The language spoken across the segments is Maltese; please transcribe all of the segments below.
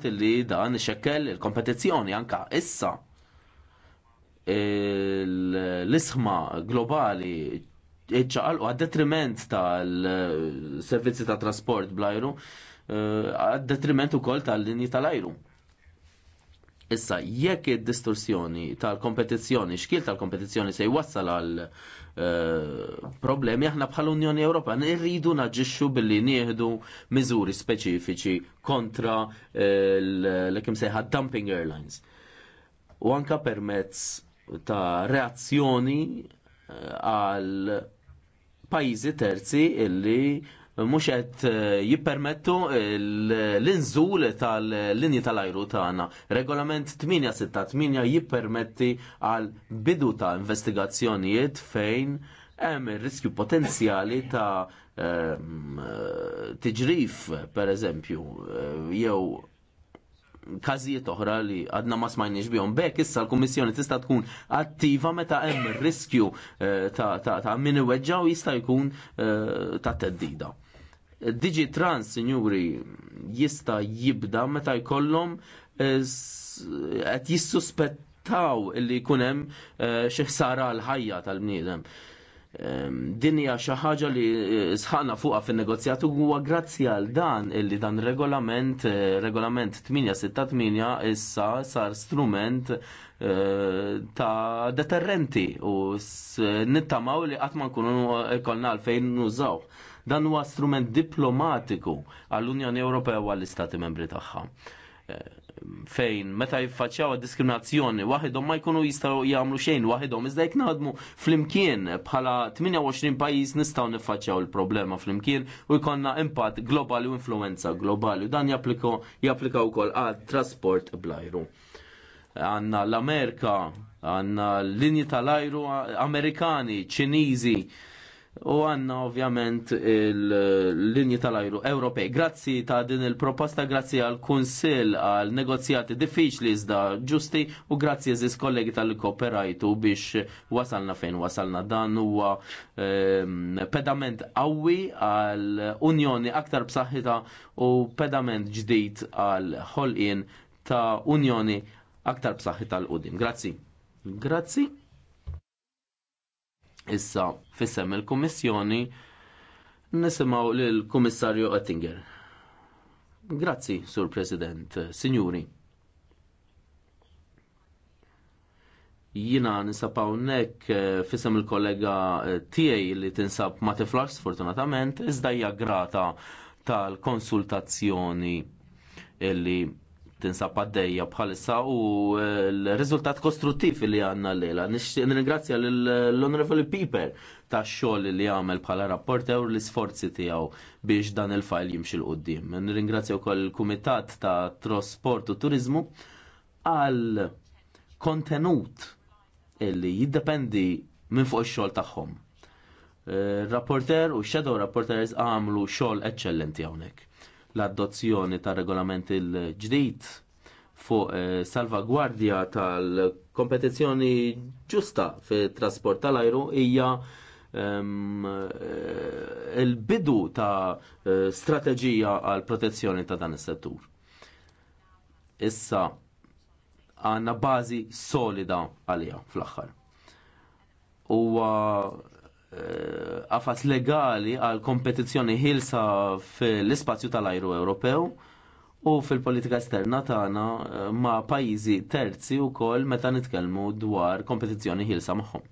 li dan ixekkel il-kompetizzjoni anka issa l-isħma globali ċaqal u għad-detriment tal-servizzi ta' trasport blajru, eh, għad-detriment u kol tal-linji tal-ajru. Issa, jekk id-distorsjoni tal-kompetizzjoni, xkil tal-kompetizzjoni se jwassal għal eh, problemi, aħna bħal Unjoni Ewropa nirridu naġġixxu billi nieħdu miżuri speċifiċi kontra eh, l-kim sejħa dumping airlines. U anka permezz ta' reazzjoni eh, għal pajizi terzi illi mhux qed eh, jippermettu eh, l-inżul tal-linji tal-ajru tagħna. Regolament 868 jippermetti għal bidu ta' investigazzjonijiet fejn hemm ir-riskju potenzjali ta' ehm, eh, tiġrif pereżempju jew każijiet oħra li għadna ma smajniex bihom. Bek issa l-Kummissjoni tista' tkun attiva meta hemm riskju ta' min iweġġa u jista' jkun ta' teddida. Digi Trans, sinjuri, jista jibda meta jkollhom eh, qed jissuspettaw li jkun hemm eh, xi ħsara l-ħajja tal-bniedem. Ehm, din hija xi ħaġa li eh, sħana fuqha fin-negozjat huwa grazzi għal dan illi dan regolament regolament 868 issa sar strument ta' deterrenti u nittamaw li qatt ma nkunu jkollna għalfejn nużaw. Dan huwa strument diplomatiku għall-Unjoni Ewropea u għall-Istati membri tagħha eh, fejn meta jiffaċċjaw diskriminazzjoni waħedhom ma jkunu jistgħu jagħmlu xejn waħedhom iżda jekk naħdmu flimkien bħala 28 pajjiż nistgħu niffaċċjaw il-problema flimkien u jkollna impatt globali u influenza globali u dan japplika wkoll għal trasport blajru. Għandna l-Amerika, għandna l-linji tal-ajru Amerikani, Ċiniżi, u għanna ovvjament il-linji tal-ajru Ewropej. Grazzi ta' din il-proposta, grazzi għal kunsil għal negozjati diffiċli iżda ġusti u grazzi eżis kollegi tal-kooperajtu biex wasalna fejn wasalna dan huwa ehm, pedament qawwi għal unjoni aktar bsaħħita u pedament ġdid għal ħolqien ta' unjoni aktar bsaħħita l-qudim. Grazzi. Grazzi. Issa, fissem il kummissjoni nisimaw l kummissarju Oettinger. Grazzi, Sur President, Signuri. jina nisabaw nek eh, fissem il-kollega eh, tiegħi li tinsab ma tiflax sfortunatament, iżda grata tal-konsultazzjoni illi tinsab għaddejja bħalissa u eh, l-riżultat kostruttiv li għanna l-lejla. Nirringrazzja l honorable Piper ta' xogħol li għamel bħala rapporter u l-isforzi tiegħu biex dan il-fajl jimxi l-qoddim. Nirringrazzja wkoll il-Kumitat ta' Trasport u Turizmu għal kontenut illi jiddependi minn fuq xoll xogħol tagħhom. Eh, rapporter u shadow rapporters għamlu xogħol eċċellenti hawnhekk l-adozzjoni tar regolament il-ġdid fuq eh, salvagwardja tal-kompetizzjoni ġusta fit trasport tal-ajru hija l ehm, eh, il-bidu ta' eh, strateġija għal protezzjoni ta' dan is-settur. Issa għandna bażi solida għaliha fl-aħħar. Huwa Eh, għafas legali għal kompetizzjoni ħilsa fil-ispazju tal-ajru Ewropew u fil-politika esterna tagħna eh, ma' pajjiżi terzi wkoll meta nitkellmu dwar kompetizzjoni ħilsa magħhom.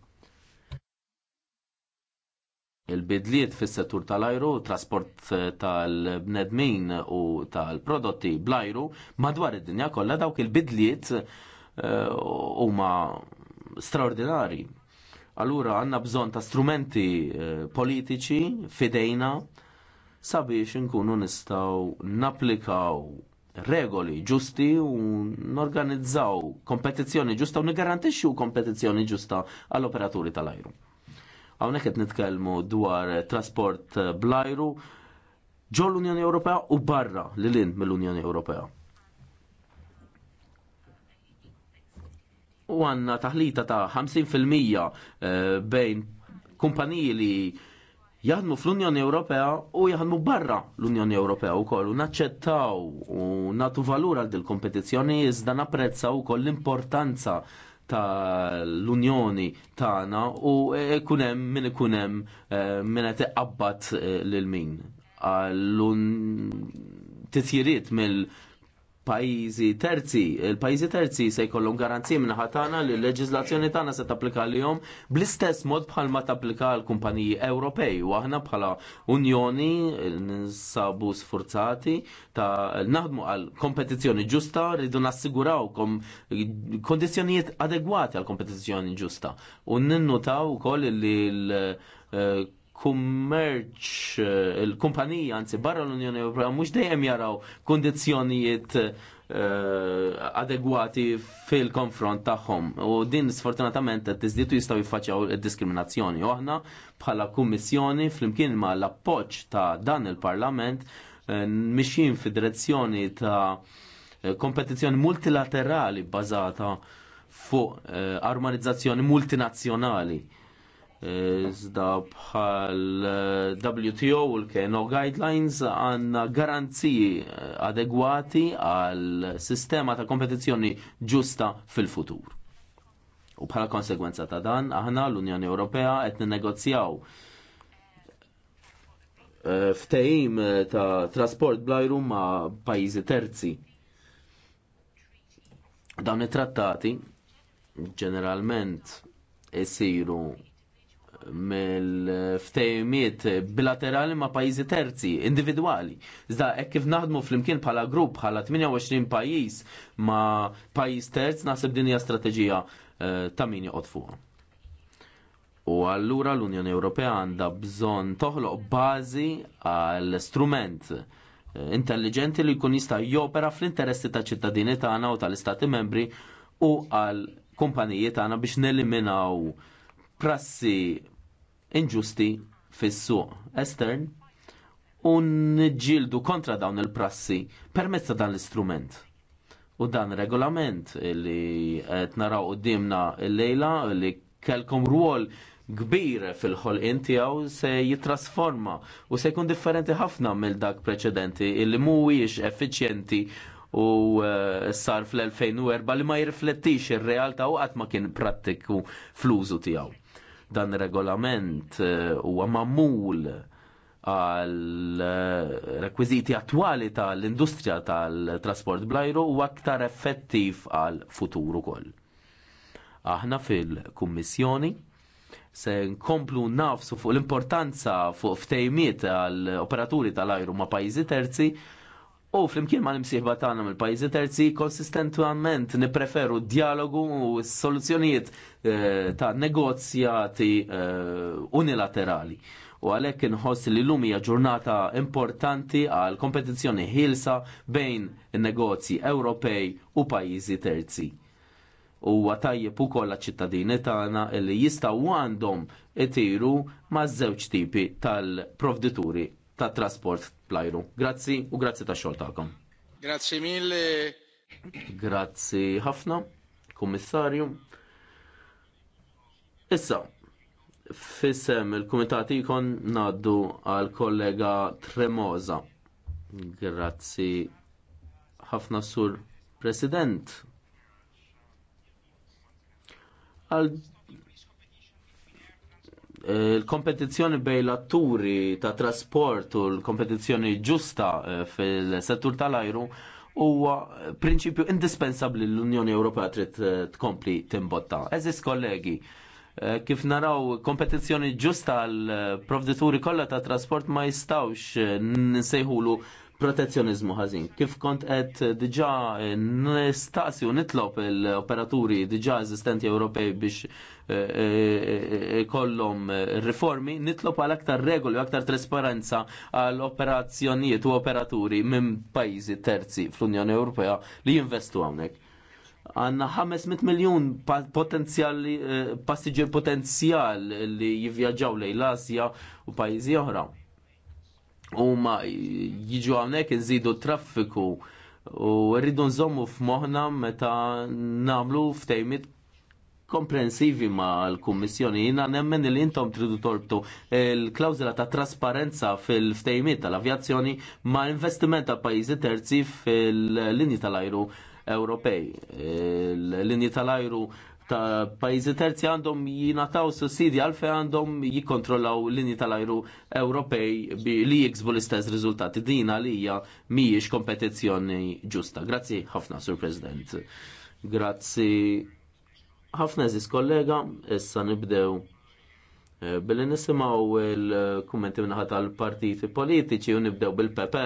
Il-bidliet fis-settur tal-ajru, trasport eh, tal-bnedmin u tal-prodotti bl-ajru madwar id-dinja kollha dawk il-bidliet huma straordinari Allura għandna bżonn ta' strumenti eh, politiċi fidejna sabiex inkunu nistgħu napplikaw regoli ġusti u norganizzaw kompetizzjoni ġusta u nigarantixxu kompetizzjoni ġusta għall operaturi tal-ajru. Hawnhekk qed nitkellmu dwar trasport eh, bl-ajru ġol l-Unjoni Ewropea u barra lil-in mill-Unjoni Ewropea. u għanna taħlita ta' 50% eh, bejn kumpaniji li jaħdmu fl-Unjoni Ewropea u jaħdmu barra l-Unjoni Ewropea u koll u naċċettaw u natu valur għal dil kompetizzjoni iżda napprezza u koll l-importanza tal-Unjoni tagħna u hemm eh, min hemm eh, min qed iqabbad lil min għall titjiriet mill- pajjiżi terzi. Il-pajjiżi terzi se jkollhom garanzija minn ħatana li l-leġiżlazzjoni tagħna se tapplika lihom bl-istess mod bħal ma tapplika għal kumpaniji Ewropej u aħna bħala Unjoni ninsabu sfurzati ta' naħdmu għal kompetizzjoni ġusta rridu nassiguraw kondizzjonijiet adegwati għal kompetizzjoni ġusta. U ninnutaw ukoll li l eh, kummerċ, il-kumpanija, anzi barra l-Unjoni Ewropea, mhux dejjem jaraw kundizzjonijiet eh, adegwati fil-konfront tagħhom. U din sfortunatament qed tiżdietu jistgħu jiffaċċjaw id-diskriminazzjoni. U aħna bħala kummissjoni flimkien ma l-appoġġ ta' dan il-Parlament eh, mixjin fid-direzzjoni ta' kompetizzjoni multilaterali bbażata fuq eh, armonizzazzjoni multinazzjonali Iżda bħal eh, WTO u l-KNO guidelines għanna garanziji eh, adegwati għal sistema ta' kompetizzjoni ġusta fil-futur. U bħala konsegwenza ta' dan, aħna l-Unjoni Ewropea qed negozjaw eh, ftehim ta' trasport blajru ma' pajjiżi terzi. Dawn it-trattati ġeneralment isiru mill-ftejmiet bilaterali ma' pajjiżi terzi, individwali. Iżda hekk kif naħdmu flimkien bħala grupp bħala 28 pajjiż ma' pajjiż terz naħseb din hija strateġija eh, ta' min joqgħod fuqha. U allura l-Unjoni Ewropea għandha bżonn toħloq bażi għal strument eh, intelligenti li jkun jista' jopera fl-interessi ta' ċittadini tagħna u tal-istati membri u għal kumpaniji tagħna biex neliminaw prassi inġusti fis-suq estern u nġildu kontra dawn il-prassi permezz ta' dan l-istrument. U dan regolament li qed naraw qudiemna l-lejla li kelkom rwol kbir fil-ħolqien tiegħu se jitrasforma u se jkun differenti ħafna mill dak preċedenti illi mhuwiex effiċjenti u eh, sar fl-2004 li ma jirriflettix ir-realtà u qatt ma kien prattiku fl-użu tiegħu. Dan regolament eh, huwa mamul għal eh, rekwiziti attwali tal-industrija tal-trasport blajru u aktar effettiv għal futuru koll. Aħna fil-Kummissjoni se nkomplu nafsu fuq l-importanza fuq ftejmiet għal operaturi tal-ajru ma' pajjiżi terzi U flimkien ma' l-imsieħba tagħna mill-pajjiżi terzi konsistentuament nippreferu dialogu u soluzzjonijiet eh, ta' negozjati eh, unilaterali. U għalhekk inħoss li lum hija ġurnata importanti għal kompetizzjoni ħilsa bejn negozji Ewropej u pajjiżi terzi. Huwa tajjeb ukoll ċittadini tagħna li jistgħu għandhom itiru maż-żewġ tipi tal-provdituri ta' trasport plajru. Grazzi u grazzi ta' xol ta'kom. Grazzi mille. Grazzi ħafna, kommissarju. Issa, fissem il komitati ikon naddu għal kollega Tremoza. Grazzi ħafna sur President. Għal Eh, il-kompetizzjoni bej l-atturi ta' trasport u l-kompetizzjoni ġusta eh, fil-settur tal-ajru huwa prinċipju indispensabbli l-Unjoni Ewropea trid eh, tkompli timbotta. Eżis kollegi, kif naraw kompetizzjoni ġusta għall provdituri kollha ta' trasport ma jistawx nsejħulu protezzjonizmu ħażin. Kif kont qed diġà nistaqsi u nitlob l-operaturi diġà eżistenti Ewropej biex eh, eh, eh, kollhom riformi, nitlob għal aktar regoli u aktar trasparenza għal operazzjonijiet u operaturi minn pajjiżi terzi fl-Unjoni Ewropea li jinvestu hawnhekk. Għanna 500 miljon potenzjali, passiġer potenzjal li jivvjaġġaw lejn l-Asja u pajjiżi oħra u ma jiġu għawnek nżidu traffiku u rridu nżommu f'moħna meta namlu f'tejmit komprensivi ma l-Kummissjoni. Jina nemmen il intom tridu torbtu l-klawzula ta' trasparenza fil-ftejmit tal-avjazzjoni ma' investiment ta' pajizi terzi fil-linji tal-ajru Ewropej. L-linji tal-ajru ta' pajizi terzi għandhom jingħataw sussidi għalfe għandhom jikkontrollaw linji tal-ajru Ewropej li jiksbu l-istess riżultati din għalija mhijiex kompetizzjoni ġusta. Grazzi ħafna, Sur President. Grazzi ħafna eżis kollega, issa nibdew eh, billi nisimaw il-kummenti minnaħat tal-partiti politiċi u nibdew bil-PP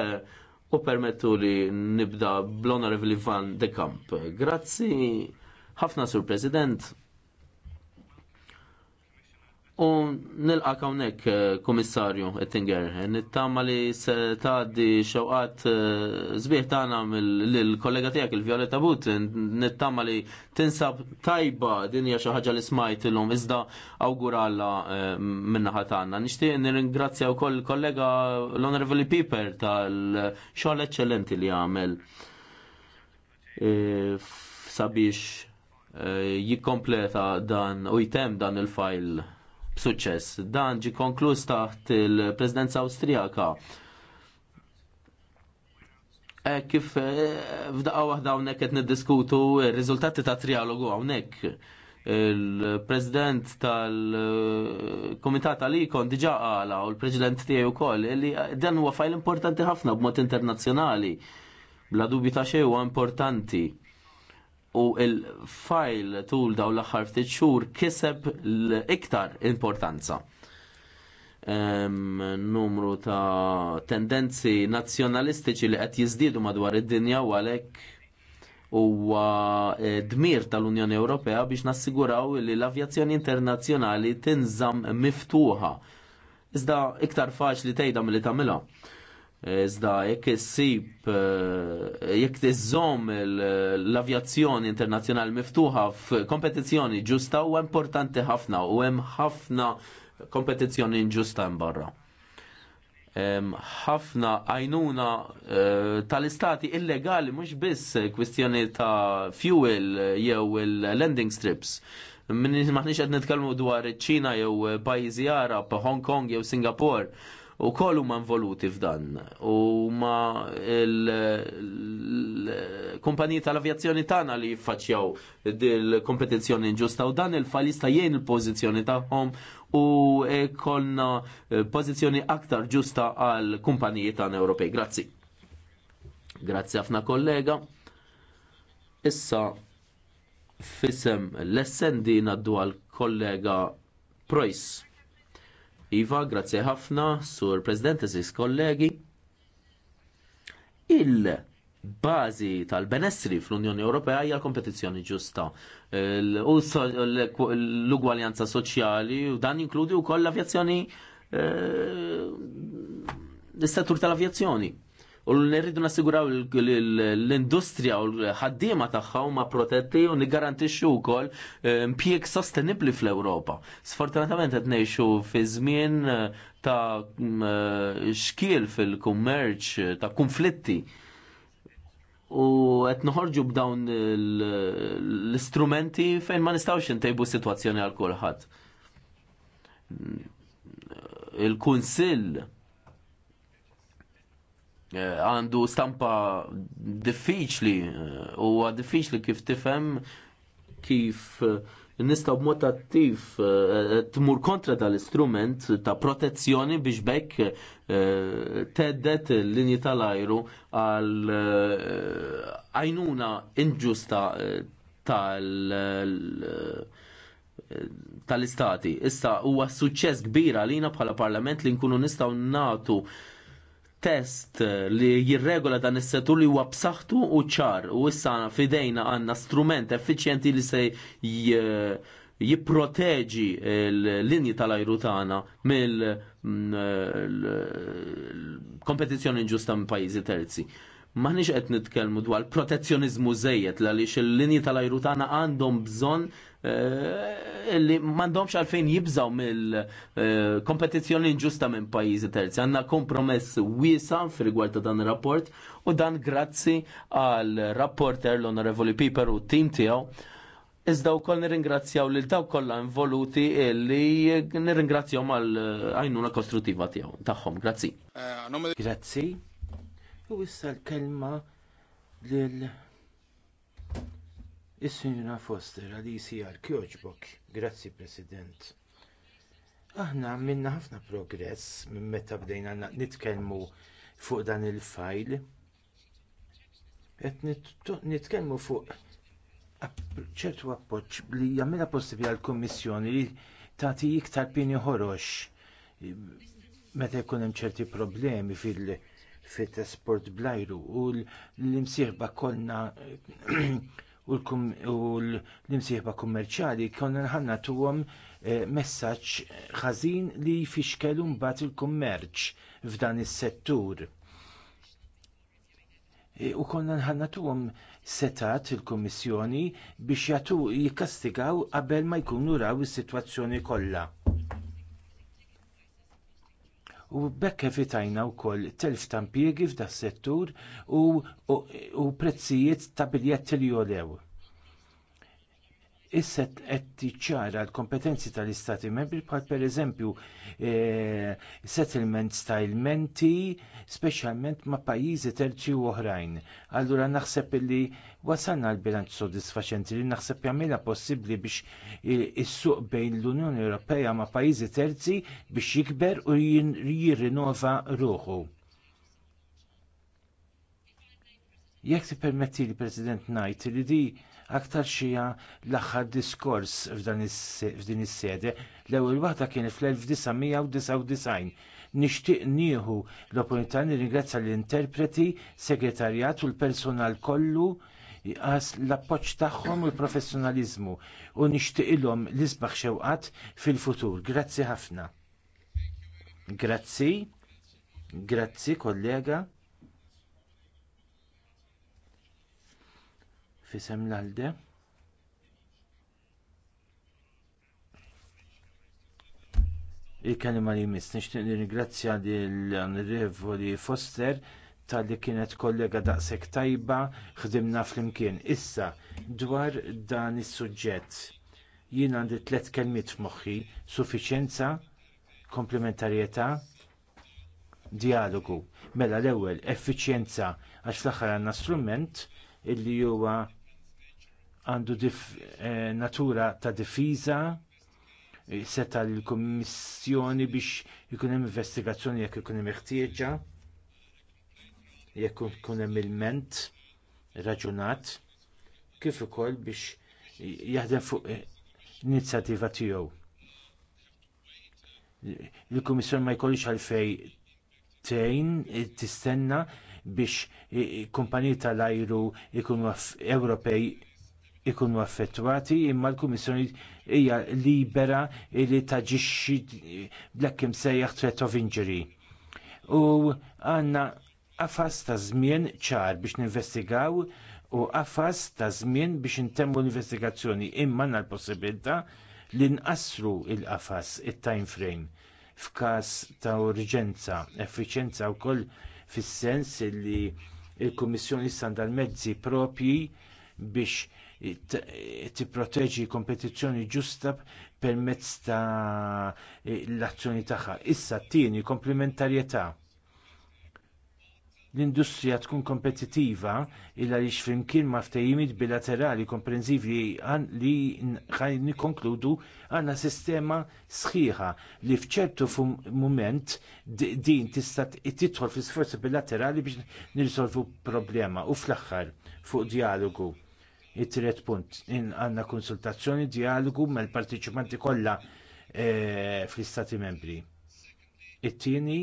u permettu li nibda bl-onorevoli Van de Kamp. Grazzi ħafna sur President. U nilqa kawnek, eh, komissarju Ettinger, nittama li se taħdi xewqat zbiħ eh, tagħna mill-kollega tiegħek il-Violetta Butin, nittama li tinsab tajba din hija xi ħaġa li smajt illum iżda awguralla eh, minnaħa tagħna. Nixtieq nirringrazzja wkoll kollega l-Honorable Piper tal-xogħol eċċellenti li għamel sabiex Eh, jikkompleta dan u jtem dan il-fajl b'suċċess. Dan ġi konkluż taħt il-Presidenza Awstrijaka. E, kif eh, f'daqqa waħda hawnhekk qed niddiskutu r-riżultati ta' trialogu hawnhekk. Il-President tal-Komitat tal-Ikon diġa għala u l-President tiegħi wkoll li dan huwa fajl importanti ħafna b'mod internazzjonali. Bla dubju ta' xejn huwa importanti u il-fajl tul daw l-axar ftit xhur kiseb l-iktar importanza. numru ta' tendenzi nazzjonalistiċi li qed jiżdiedu madwar id-dinja u għalhekk huwa eh, dmir tal-Unjoni Ewropea biex nassiguraw li l-avjazzjoni internazzjonali tinżamm miftuħa. Iżda iktar faċli tgħidha milli tagħmilha. Iżda jekk issib eh, jekk tiżżomm l-avjazzjoni internazzjonali miftuħa f'kompetizzjoni ġusta huwa importanti ħafna u hemm ħafna kompetizzjoni inġusta hemm barra. Ħafna għajnuna eh, tal-istati illegali mhux biss kwistjoni ta' fuel jew il-landing strips. Maħniex qed nitkellmu dwar iċ-Ċina jew pajjiżi Arab, Hong Kong jew Singapore u koll man involuti f'dan u ma l kumpanji tal-avjazzjoni tagħna li faċjaw dil-kompetizzjoni inġusta u dan il falista jien jgħin il-pożizzjoni tagħhom u konna eh, pożizzjoni aktar ġusta għal kumpaniji tana Ewropej. Grazzi. Grazzi ħafna kollega. Issa fissem l essendi naddu għaddu għal kollega Preuss. Iva, grazzi ħafna, sur President, eżis kollegi. Il-bazi tal-benessri fl-Unjoni Ewropea hija l kompetizzjoni ġusta. L-ugwaljanza soċjali u dan jinkludi wkoll l-avjazzjoni l-istatur eh, tal-avjazzjoni u nirridu nassiguraw l-industrija u l-ħaddiema tagħha ma protetti u nigarantixxu wkoll eh, impjieg sostenibbli fl-Ewropa. Sfortunatament qed ngħixu fi żmien eh, ta' mm, eh, xkiel fil-kummerċ, ta' konflitti u qed noħorġu b'dawn l-istrumenti fejn ma nistgħux intejbu sitwazzjoni għal kulħadd. Il-Kunsill Eh, għandu stampa diffiċli eh, u diffiċli kif tifhem kif eh, nistaw b'mod attiv tmur kontra dal-istrument ta' protezzjoni biex bekk teddet l-linji tal-ajru għal għajnuna inġusta tal- tal-istati. Issa huwa suċċess kbira għalina bħala parlament li nkunu nistgħu nagħtu test li jirregola dan is-settur li huwa b'saħħtu u ċar u issa fidejna għandna strument effiċjenti li se jipproteġi l-linji tal-ajru tagħna mill kompetizzjoni ġusta minn pajjiżi terzi. Maħniġ qed nitkellmu dwar protezzjonizmu żejjed għaliex il-linji tal-ajru għandhom bżonn eh, li m'għandhomx għalfejn jibżaw mill-kompetizzjoni eh, inġusta minn pajjiżi terzi. Għanna kompromess wisa fil-rigward ta' dan ir-rapport u dan grazzi għal rapporter l-Onorevoli Piper u t-tim tiegħu. Iżda wkoll nirringrazzjaw lil dawk kollha involuti li nirringrazzjawhom għal eh, għajnuna kostruttiva tiegħu tagħhom. Grazzi. Grazzi. U issa l-kelma lil Is-Sinjura Foster għal-ISI għal Grazzi, President. Aħna minna ħafna progress minn meta bdejna nitkellmu fuq dan il-fajl. Qed nitkellmu fuq ċertu appoġġ li jagħmilha possibbli għall-Kummissjoni li tagħti iktar pini ħorox meta jkun hemm ċerti problemi fil- fit sport blajru u l-imsieħba konna u l-imsieħba kummerċjali konna nħanna tuwom eh, messaġġ ħażin li jfixkelu mbagħad il-kummerċ f'dan is-settur. Eh, u konna nħanna tuwom setat il-Kummissjoni biex jagħtu jikkastigaw qabel ma jkunu raw is-sitwazzjoni kollha u bekk evitajna wkoll telf ta' impjiegi f'das settur u, u, u prezzijiet ta' biljetti li jolew isset qed tiċċara l-kompetenzi tal-istati membri bħal pereżempju eh, settlement stylmenti speċjalment ma' pajjiżi terzi u oħrajn. Allura naħseb li wasalna l-bilanċ sodisfaċenti li naħseb jagħmilha possibbli biex eh, is-suq bejn l-Unjoni Ewropea ma' pajjiżi terzi biex jikber u jirrinova ruħu. Jekk tippermetti li President ngħid li di aktar xija l-aħħar diskors f'din is-sede. L-ewwel waħda kien fl-1999. Nixtieq nieħu l-opportunità nirringrazzja l-interpreti, segretarjat u l-personal kollu għas l-appoġġ tagħhom u l-professjonaliżmu u nixtieq ilhom l-isbaħ xewqat fil-futur. Grazzi ħafna. Grazzi, grazzi kollega. fisem l-alde. Il-kelima li jmiss, nixtieq nirringrazzja lill onorevoli Foster tal-li kienet kollega daqshekk tajba ħdimna flimkien. Issa, dwar dan is-suġġett, jien għandi tliet kelmiet f'moħħi, suffiċenza, komplementarjetà, dijalogu. Mela l-ewwel effiċjenza għax fl-aħħar għandna strument illi huwa għandu eh, natura ta' difiża eh, seta l komissjoni biex ikun hemm investigazzjoni jekk ikun hemm iħtieġa jekk ikun hemm ilment raġunat kif ukoll biex jaħdem fuq eh, inizjattiva tiegħu. Il-Kummissjoni ma jkollix għalfej tejn tistenna biex kumpaniji tal-ajru ikunu Ewropej ikunu affettwati imma l-Kummissjoni hija libera li taġixxi blekk imsejjaħ threat of injury. U għandna qafas ta' żmien ċar biex ninvestigaw u qafas ta' żmien biex intemmu l-investigazzjoni imma għandna l-possibilità li nqassru l qafas it-time frame f'każ ta' urġenza, effiċjenza wkoll fis-sens li l-Kummissjoni standard mezzi propji biex tipproteġi kompetizzjoni ġusta permezz ta' l-azzjoni tagħha. Issa t-tieni komplementarjetà. L-industrija tkun kompetittiva illa li flimkien ma' ftehimiet bilaterali komprensivi li ħaj nikkonkludu għandna sistema sħiħa li fċertu mument din tista' tidħol fi sforzi bilaterali biex nirsolvu problema u fl-aħħar fuq dijalogu It-tret punt, in għanna konsultazzjoni dialogu mal partiċipanti kollha e, fl-istati membri. It-tieni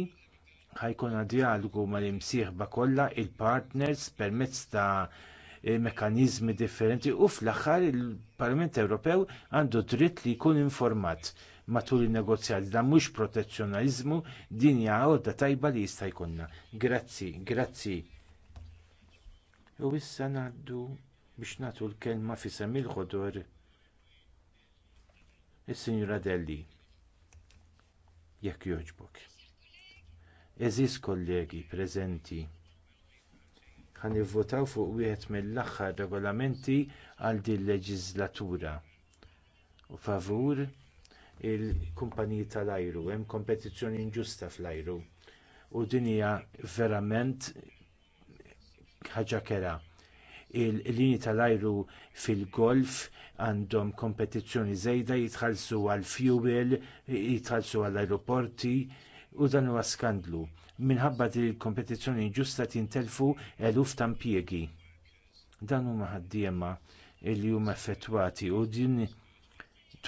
ħajkun dialogu mal-imsieħba kollha il-partners permezz ta' eh, mekkaniżmi differenti u fl-aħħar il-Parlament Ewropew għandu dritt li jkun informat matul in-negozjati Da mhux protezzjonaliżmu din hija għodda tajba li jista' jkollna. Grazzi, grazzi. U issa ngħaddu biex nagħtu l-kelma fi semmi l-ħodur is-Sinjura Delli. Jekk jogħġbok. Eżis kollegi preżenti ħan nivvotaw fuq wieħed mill-aħħar regolamenti għal din leġislatura u favur il-kumpaniji tal-ajru hemm kompetizzjoni inġusta fl-ajru u din hija verament ħaġa kera il-linji tal-ajru fil-golf għandhom kompetizzjoni żejda jitħallsu għal fuel, jitħallsu għall ajruporti u dan huwa skandlu. Minħabba li l-kompetizzjoni ġusta tintelfu eluf ta' impjiegi. Dan huma ħaddiema li huma effettwati u din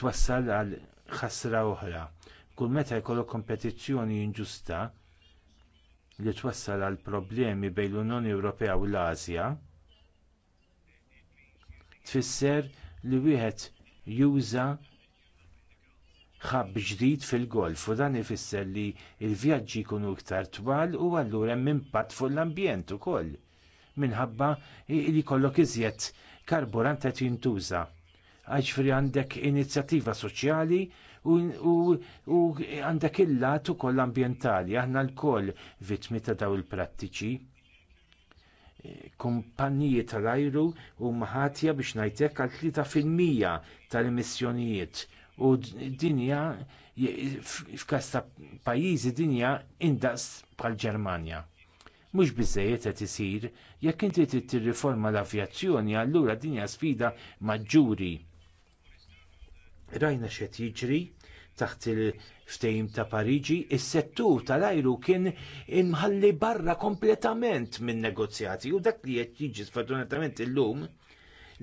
twassal għal ħasra oħra. Kull meta jkollok kompetizzjoni inġusta li twassal għal problemi bejn l-Unjoni Ewropea u l-Asja, tfisser li wieħed juża ħabb ġdid fil-golf u dan ifisser li l-vjaġġi jkunu iktar twal u allura hemm impatt fuq l-ambjent ukoll minħabba li jkollok iżjed karburant qed jintuża. Għaġfri għandek inizjattiva soċjali u għandek il-lat ukoll ambjentali aħna lkoll vittmi ta' dawn il-prattiċi kumpaniji tal-ajru huma ħatja biex ngħidlek għal 3% tal-emissjonijiet u dinja f'każ ta' pajjiżi dinja indaqs bħal Ġermanja. Mhux biżżejjed qed isir jekk inti trid tirriforma l-avjazzjoni allura dinja sfida maġġuri. Rajna x'qed jiġri taħt il-ftejm ta' Pariġi, is-settur tal-ajru kien imħalli barra kompletament minn negozjati u dak li qed jiġi sfortunatament illum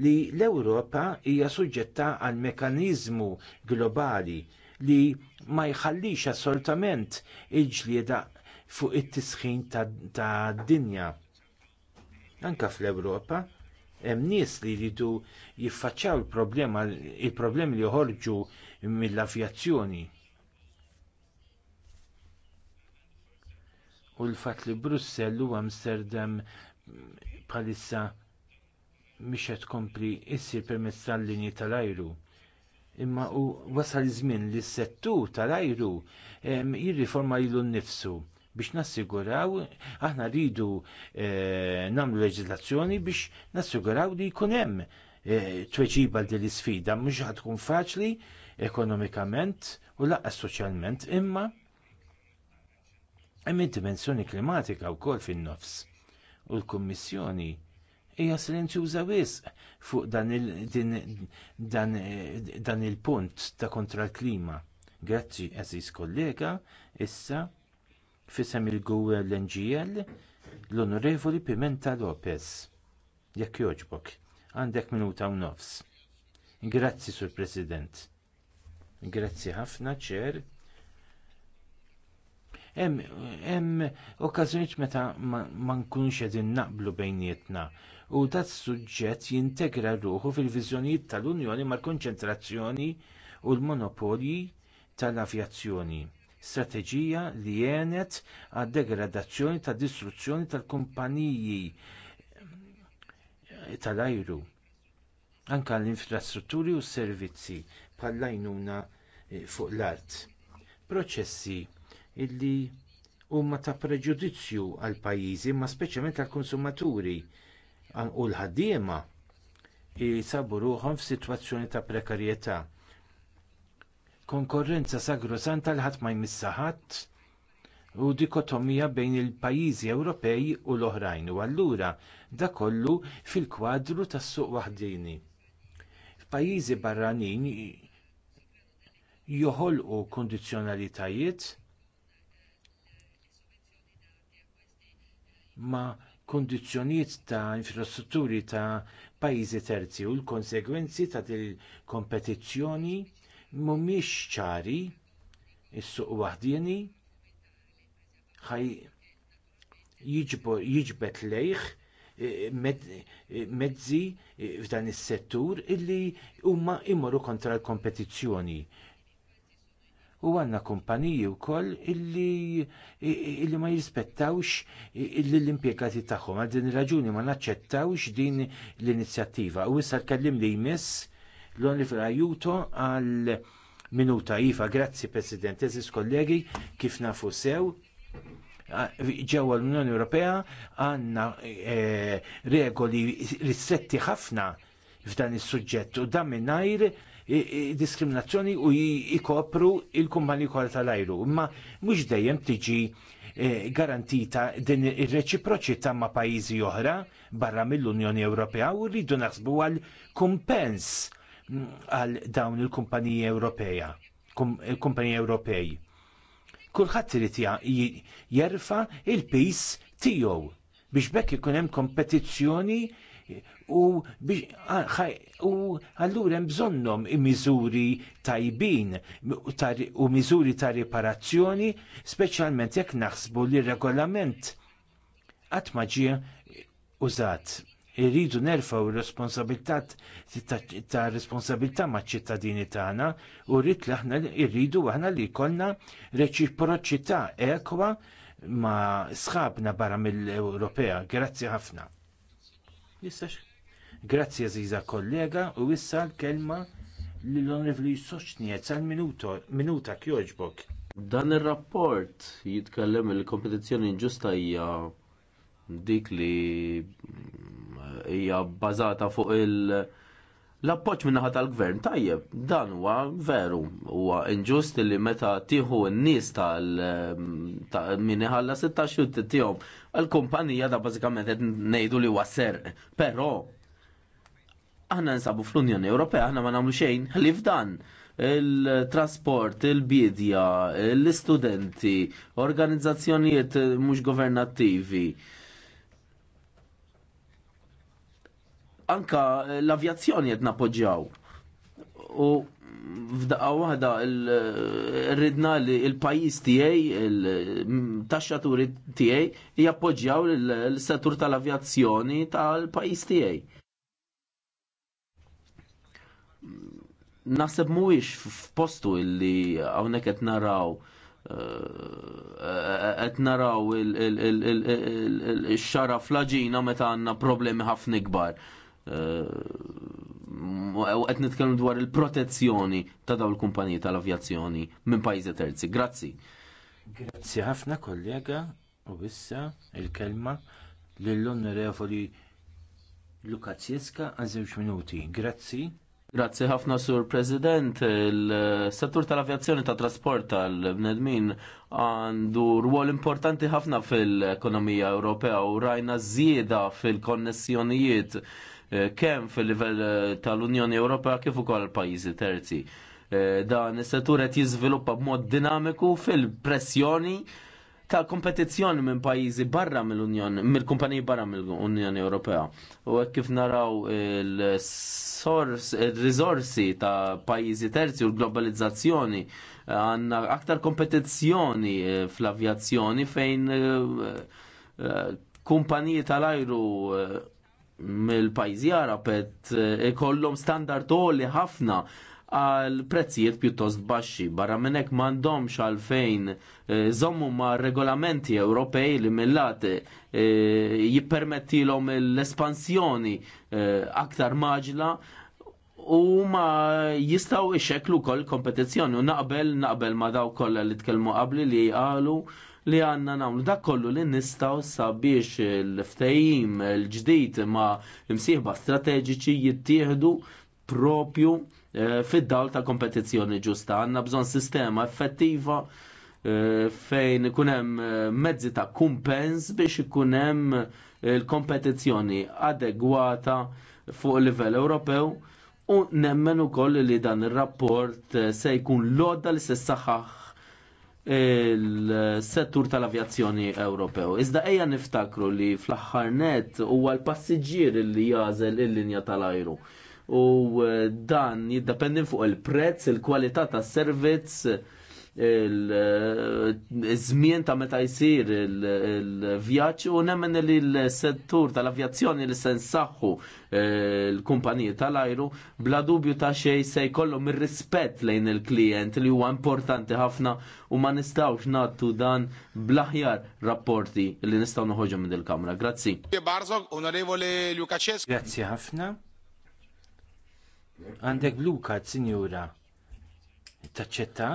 li l-Ewropa hija suġġetta għal mekanizmu globali li ma jħallix assolutament iġlieda fuq it-tisħin tad dinja. Anke fl-Ewropa, hemm nies li jridu jiffaċċjaw il-problema il-problemi li joħorġu mill-avjazzjoni. U l-fatt li Brussell u Amsterdam bħalissa mhix qed tkompli issir permezz tal-linji tal-ajru imma u wasal żmien li s-settur tal-ajru jirriforma ilu nnifsu biex nassiguraw, aħna rridu e, eh, nagħmlu leġislazzjoni biex nassiguraw li jkun hemm eh, tweġiba din l-isfida, mhux ħad tkun faċli ekonomikament u lanqas soċjalment imma hemm id-dimensjoni klimatika wkoll fin-nofs u l-Kummissjoni hija silenzjuża wisq fuq dan il-punt ta' kontra l-klima. Grazzi eżis kollega, issa fisem il l NGL l-Onorevoli Pimenta Lopez. Jekk jogħġbok, għandek minuta u nofs. Grazzi, Sur President. Grazzi ħafna ċer. Hemm okkażjonijiet meta ma nkunx qegħdin naqblu bejnietna u dat suġġett jintegra ruħu fil-viżjonijiet tal-Unjoni mal-konċentrazzjoni u l-monopolji tal-avjazzjoni. Strateġija li jenet għad degradazzjoni tad distruzzjoni tal-kumpaniji tal-ajru anke l-infrastrutturi u s-servizzi bħallajnuna eh, fuq l-art. Proċessi illi huma ta' preġudizzju għal pajjiżi imma speċjalment għall konsumaturi u l-ħaddiema jisabu ruħhom f'sitwazzjoni ta' prekarjetà. Konkorrenza sagrosanta l ħadd ma jmissa ħadd u dikotomija bejn il-pajjiżi Ewropej u l-oħrajn u allura dak kollu fil-kwadru tas-suq waħdini. F'pajjiżi barranin joħolqu kundizzjonalitajiet ma' kundizzjonijiet ta' infrastrutturi ta' pajjiżi terzi u l-konsegwenzi ta' din kompetizzjoni mhumiex ċari is-suq waħdieni jiġbet lejh e, e, mezzi e, f'dan is-settur illi huma jmorru kontra l-kompetizzjoni u għandna kumpaniji wkoll illi, illi ma jispettawx l-impjegati tagħhom. Għal din raġuni ma naċċettawx din l-inizjattiva. U issa kellim li jmiss l-onri fil-ajuto għal minuta iva, grazzi President, eżis kollegi, kif nafu sew, ġewwa l-Unjoni Ewropea għandna e, regoli ristretti ħafna f'dan is-suġġett u dan mingħajr diskriminazzjoni u jikopru il-kumpanji kollha tal-ajru. Imma mhux dejjem tiġi eh, garantita din ir-reċiproċità ma' pajjiżi oħra barra mill-Unjoni Ewropea u rridu naħsbu għal kumpens mm, għal dawn il-kumpaniji Ewropea, il-kumpaniji eh, Ewropej. Kulħadd irid jerfa' il-pis tiegħu biex bekk ikun hemm kompetizzjoni u allura hemm bżonnhom miżuri tajbin u miżuri ta' riparazzjoni, speċjalment jekk naħsbu li regolament qatt ma ġie użat. Irridu nerfaw responsabilità ta' responsabilità maċ ċittadini tagħna u rrid li aħna rridu aħna li jkollna reċiproċità ekwa ma' sħabna barra mill-Ewropea. Grazzi ħafna. Jistax. Grazzi Aziza kollega u issa l-kelma l-onorevoli Soċniet sal-minuta kjoġbok. Dan ir-rapport jitkellem il-kompetizzjoni ġusta hija dik li hija bbażata fuq il- L-appoġġ minnaħa tal-gvern tajjeb, dan huwa veru, huwa inġust li meta tieħu n-nies tal min iħalla 16 xhur l kumpanija da bażikament qed ngħidu li huwa serq. Però aħna nsabu fl-Unjoni Ewropea aħna ma nagħmlu xejn li f'dan il-trasport, il-bidja, l-istudenti, organizzazzjonijiet mhux governattivi anka l-avjazzjoni qed napoġġjaw. U f'daqqa waħda rridna li l-pajjiż tiegħi, il-taxxaturi tiegħi jappoġġjaw l-settur tal-avjazzjoni tal-pajjiż tiegħi. Naħseb mhuwiex f'postu illi hawnhekk qed naraw eh, qed naraw il-xara flaġina meta għandna problemi ħafna kbar Eh, qed nitkellmu dwar il-protezzjoni ta' dawn il-kumpaniji tal-avjazzjoni minn pajjiżi terzi. Grazzi. Grazzi ħafna kollega u issa il-kelma lill-onorevoli Lukazjeska għal żewġ minuti. Grazzi. Grazzi ħafna sur President, il-settur tal-avjazzjoni ta' trasport tal-bnedmin għandu rwol importanti ħafna fil-ekonomija Ewropea u rajna żieda fil-konnessjonijiet Eh, kemm fil-livell eh, tal-Unjoni Ewropea kif ukoll pajjiżi terzi. Eh, dan is-settur qed jiżviluppa b'mod dinamiku fil-pressjoni ta' kompetizzjoni minn pajjiżi barra mill-Unjoni, mill-kumpaniji barra mill-Unjoni Ewropea. U hekk kif naraw il-risorsi ta' pajjiżi terzi u l-globalizzazzjoni għandna aktar kompetizzjoni fl-avjazzjoni fejn kumpaniji tal-ajru mill-pajzi Arabet eh, ikollhom standard għoli ħafna għal prezzijiet pjuttost baxxi. Barra minn hekk m'għandhomx għalfejn eh, żommu ma' regolamenti Ewropej li millat eh, jippermettilhom l-espansjoni aktar maġla u ma jistaw ixeklu kol kompetizjoni u naqbel naqbel ma daw kolla li tkellmu qabli li jgħalu li għanna namlu dak kollu li nistaw sabiex l ftajim l-ġdijt ma l-msiħba strateġiċi jittieħdu propju eh, fid-dal ta' kompetizzjoni ġusta. Għanna bżon sistema effettiva eh, fejn kunem eh, mezzi ta' kumpens biex kunem l-kompetizzjoni adegwata fuq livell Ewropew u nemmen ukoll li dan ir-rapport se jkun lodda li se saħħaħ il-settur tal-avjazzjoni Ewropew. Iżda ejja niftakru li fl-aħħar net huwa l-passiġġier li jażel il-linja tal-ajru. U eh, dan jiddependi fuq il-prezz, il-kwalità tas-servizz, il-żmien ta' meta jsir il-vjaġġ u nemmen li l-settur tal-avjazzjoni li se nsaħħu eh, l-kumpaniji tal-ajru bla dubju ta' xejn se jkollhom ir-rispett lejn il-klijent li huwa importanti ħafna u ma nistgħux nagħtu dan bl-aħjar rapporti li nistgħu noħoġu minn il-Kamra. Grazzi. Grazzi ħafna. Għandek Luka, sinjura taċċetta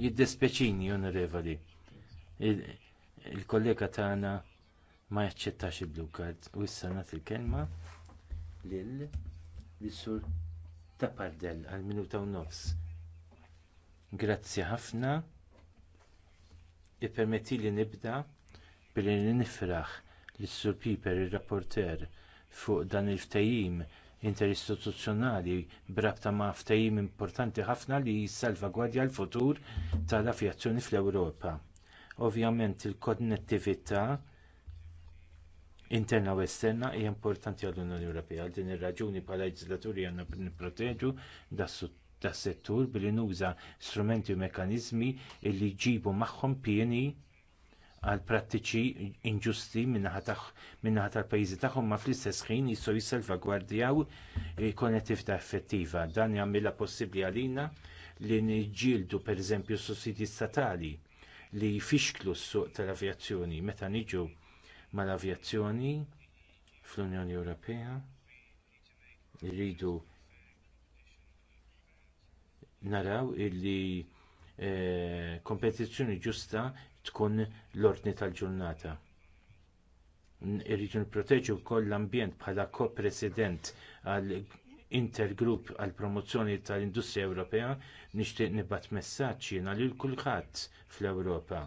Jiddispjaċini onorevoli. Il-kollega il tagħna ma jaċċettax il-blue card u issa nagħti il-kelma lil sur Tapardell għal minuta u nofs. Grazzi ħafna. Ippermetti li nibda billi nifraħ lis sur Piper ir rapporter fuq dan il-ftajim interistituzzjonali b'rabta ma' ftehim importanti ħafna li jissalvagwardja l-futur tal-avjazzjoni fl-Ewropa. Ovvjament il-konnettività interna u esterna hija importanti għall-Unjoni Ewropea. Għal din ir-raġuni bħala leġislaturi għandna nipproteġu das-settur billi nuża strumenti u mekkaniżmi li jġibu magħhom pieni għal prattiċi inġusti min-naħa tal-pajjiżi tagħhom ma fl-istess ħin jistgħu jissalvagwardjaw eh, konnettività effettiva. Dan jagħmilha possibbli għalina li niġġieldu pereżempju sussidji statali li jfixklu s-suq tal-avjazzjoni meta niġu mal-avjazzjoni fl-Unjoni Ewropea irridu naraw illi eh, kompetizzjoni ġusta tkun l-ordni tal-ġurnata. Irridu nipproteġu wkoll l-ambjent bħala ko-president għal intergrupp għall promozzjoni tal-Industrija Ewropea nixtieq nibgħat messaġġ jiena lil kulħadd fl-Ewropa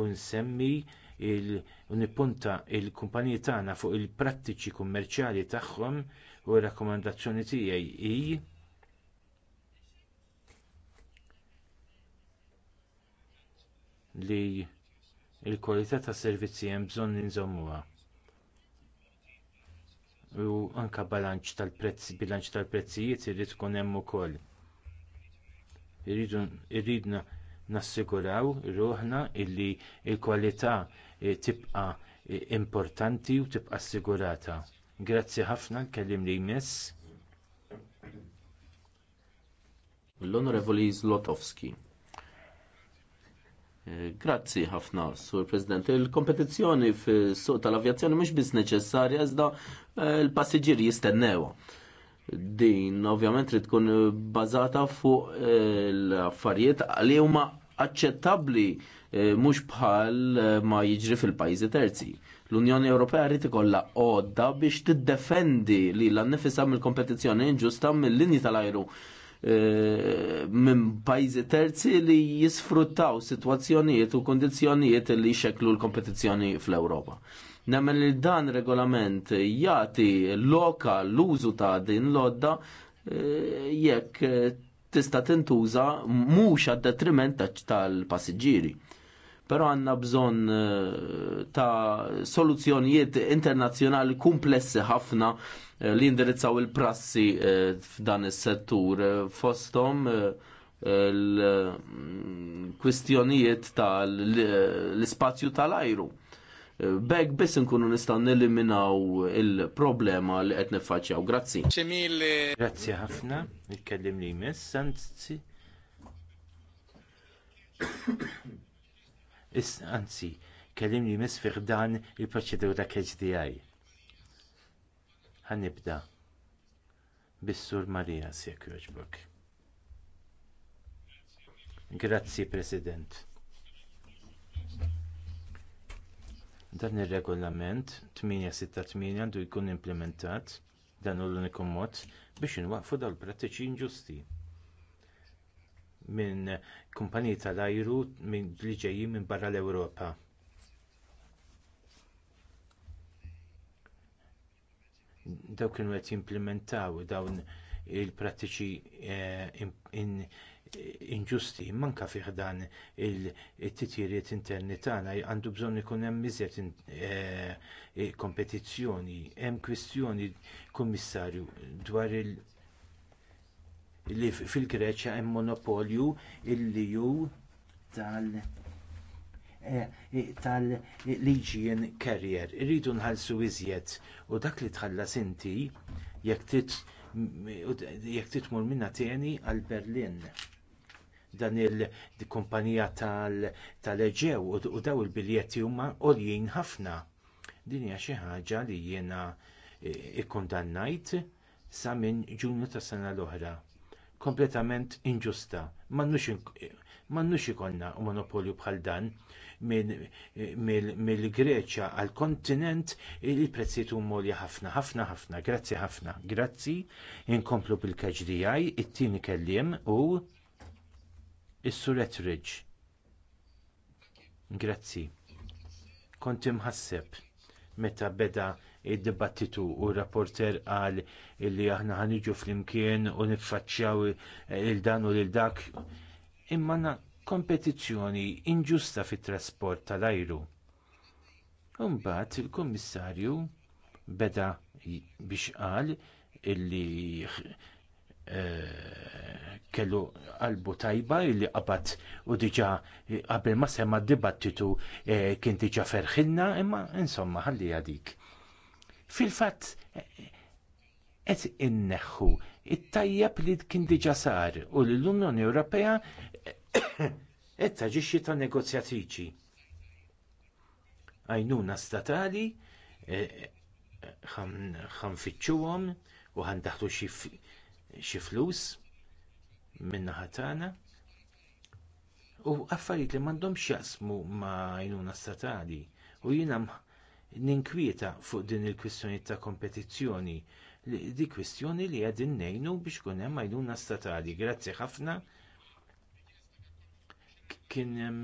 u nsemmi u nippunta l kumpaniji tagħna fuq il-prattiċi kummerċjali tagħhom u r-rakkomandazzjoni tiegħi hi li l kwalità tas servizzi hemm bżonn ninżommuha. U anke bilanċ tal-prezzi, bilanċ tal-prezzijiet irid tkun hemm ukoll. Irridna nassiguraw ruħna illi l il kwalità eh, tibqa eh, importanti u tibqa assigurata. Grazzi ħafna kellim li jmiss. L-Onorevoli Zlotowski. Grazzi ħafna, Sur President. Il-kompetizzjoni fis-suq tal-avjazzjoni mhux biss neċessarja iżda eh, l-passiġġieri jistennewa. Din ovvjament trid tkun bbażata fuq eh, l-affarijiet li huma aċċettabbli eh, mhux bħal ma jiġri fil-pajjiżi terzi. L-Unjoni Ewropea rrid ikollha għodda biex tiddefendi li l-annifisha mill-kompetizzjoni inġusta mill-linji tal-ajru Eh, minn pajzi terzi li jisfruttaw situazzjonijiet u kondizjonijiet li xeklu l-kompetizzjoni fl-Ewropa. Nemmen li dan regolament jati loka l-użu ta' din lodda eh, jekk tista' tintuża mhux għad detriment tal-passiġġieri. Pero għanna bżon eh, ta' soluzzjonijiet internazzjonali komplessi ħafna eh, li indirizzaw il-prassi eh, f'dan is-settur fostom l-kwistjonijiet mm, tal-spazju tal-ajru. Bek biss nkunu nistgħu nilliminaw il-problema li qed niffaċċjaw. Grazzi. Grazzi ħafna, nitkellem li jmiss, anzi, kellimni mis fih dan il-proċedura KHDI. Ħannibda bis-Sur Marija Sekjoġbuk. Grazzi, President. Dan ir-regolament 868 għandu jkun implementat dan l-uniku mod biex inwaqfu dal-prattiċi inġusti minn kumpaniji tal-ajru li ġejjin minn barra l-Ewropa. Dawk kienu qed jimplementaw dawn il-prattiċi eh, inġusti manka fih dan il-titjiriet interni tagħna għandu bżonn ikun hemm iżjed eh, kompetizzjoni. Hemm kwistjoni, Kummissarju, dwar il- li fil-Greċja hemm monopolju illi ju tal e, e, tal-legion carrier. Irridu nħallsu iżjed u dak li tħallas inti jekk titmur minna tieni għal Berlin dan il-kumpanija tal-Eġew u daw il-biljetti huma għoljin ħafna. Din hija xi ħaġa li jiena e, ikkundannajt sa minn Ġunju tas sena l-oħra kompletament inġusta. M'għandux ikollna monopolju bħal dan mill-Greċja għall kontinent il-prezzijiet huma li ħafna ħafna ħafna. Grazzi ħafna. Grazzi. Inkomplu bil-KGDI, it-tieni kelliem u is suret Etridge. Grazzi. Kont imħasseb meta beda id-dibattitu u r-rapporter qal li aħna ħaniġu flimkien u niffaċċjaw il-dan u l-dak imma kompetizzjoni inġusta fit-trasport tal-ajru. Imbagħad il-Kummissarju beda biex qal illi eh, kellu qalbu tajba illi qabad u diġa' qabel ma sema d dibattitu eh, kien diġà ferħilna imma insomma ħalli għadik. Fil-fatt qed inneħħu it-tajjeb li kien diġà sar u l-Unjoni Ewropea qed taġixxi ta' negozjatriċi. Għajnuna statali e, ħanfittxuhom u ħandaħlu xi flus min-naħa tagħna. U affarijiet li m'għandhomx jaqsmu ma' għajnuna statali u jiena ninkwieta fuq din il-kwistjoni ta' kompetizzjoni. Di kwistjoni li qegħdin ngħinu biex kun hemm għajnuna statali. Grazzi ħafna kien hemm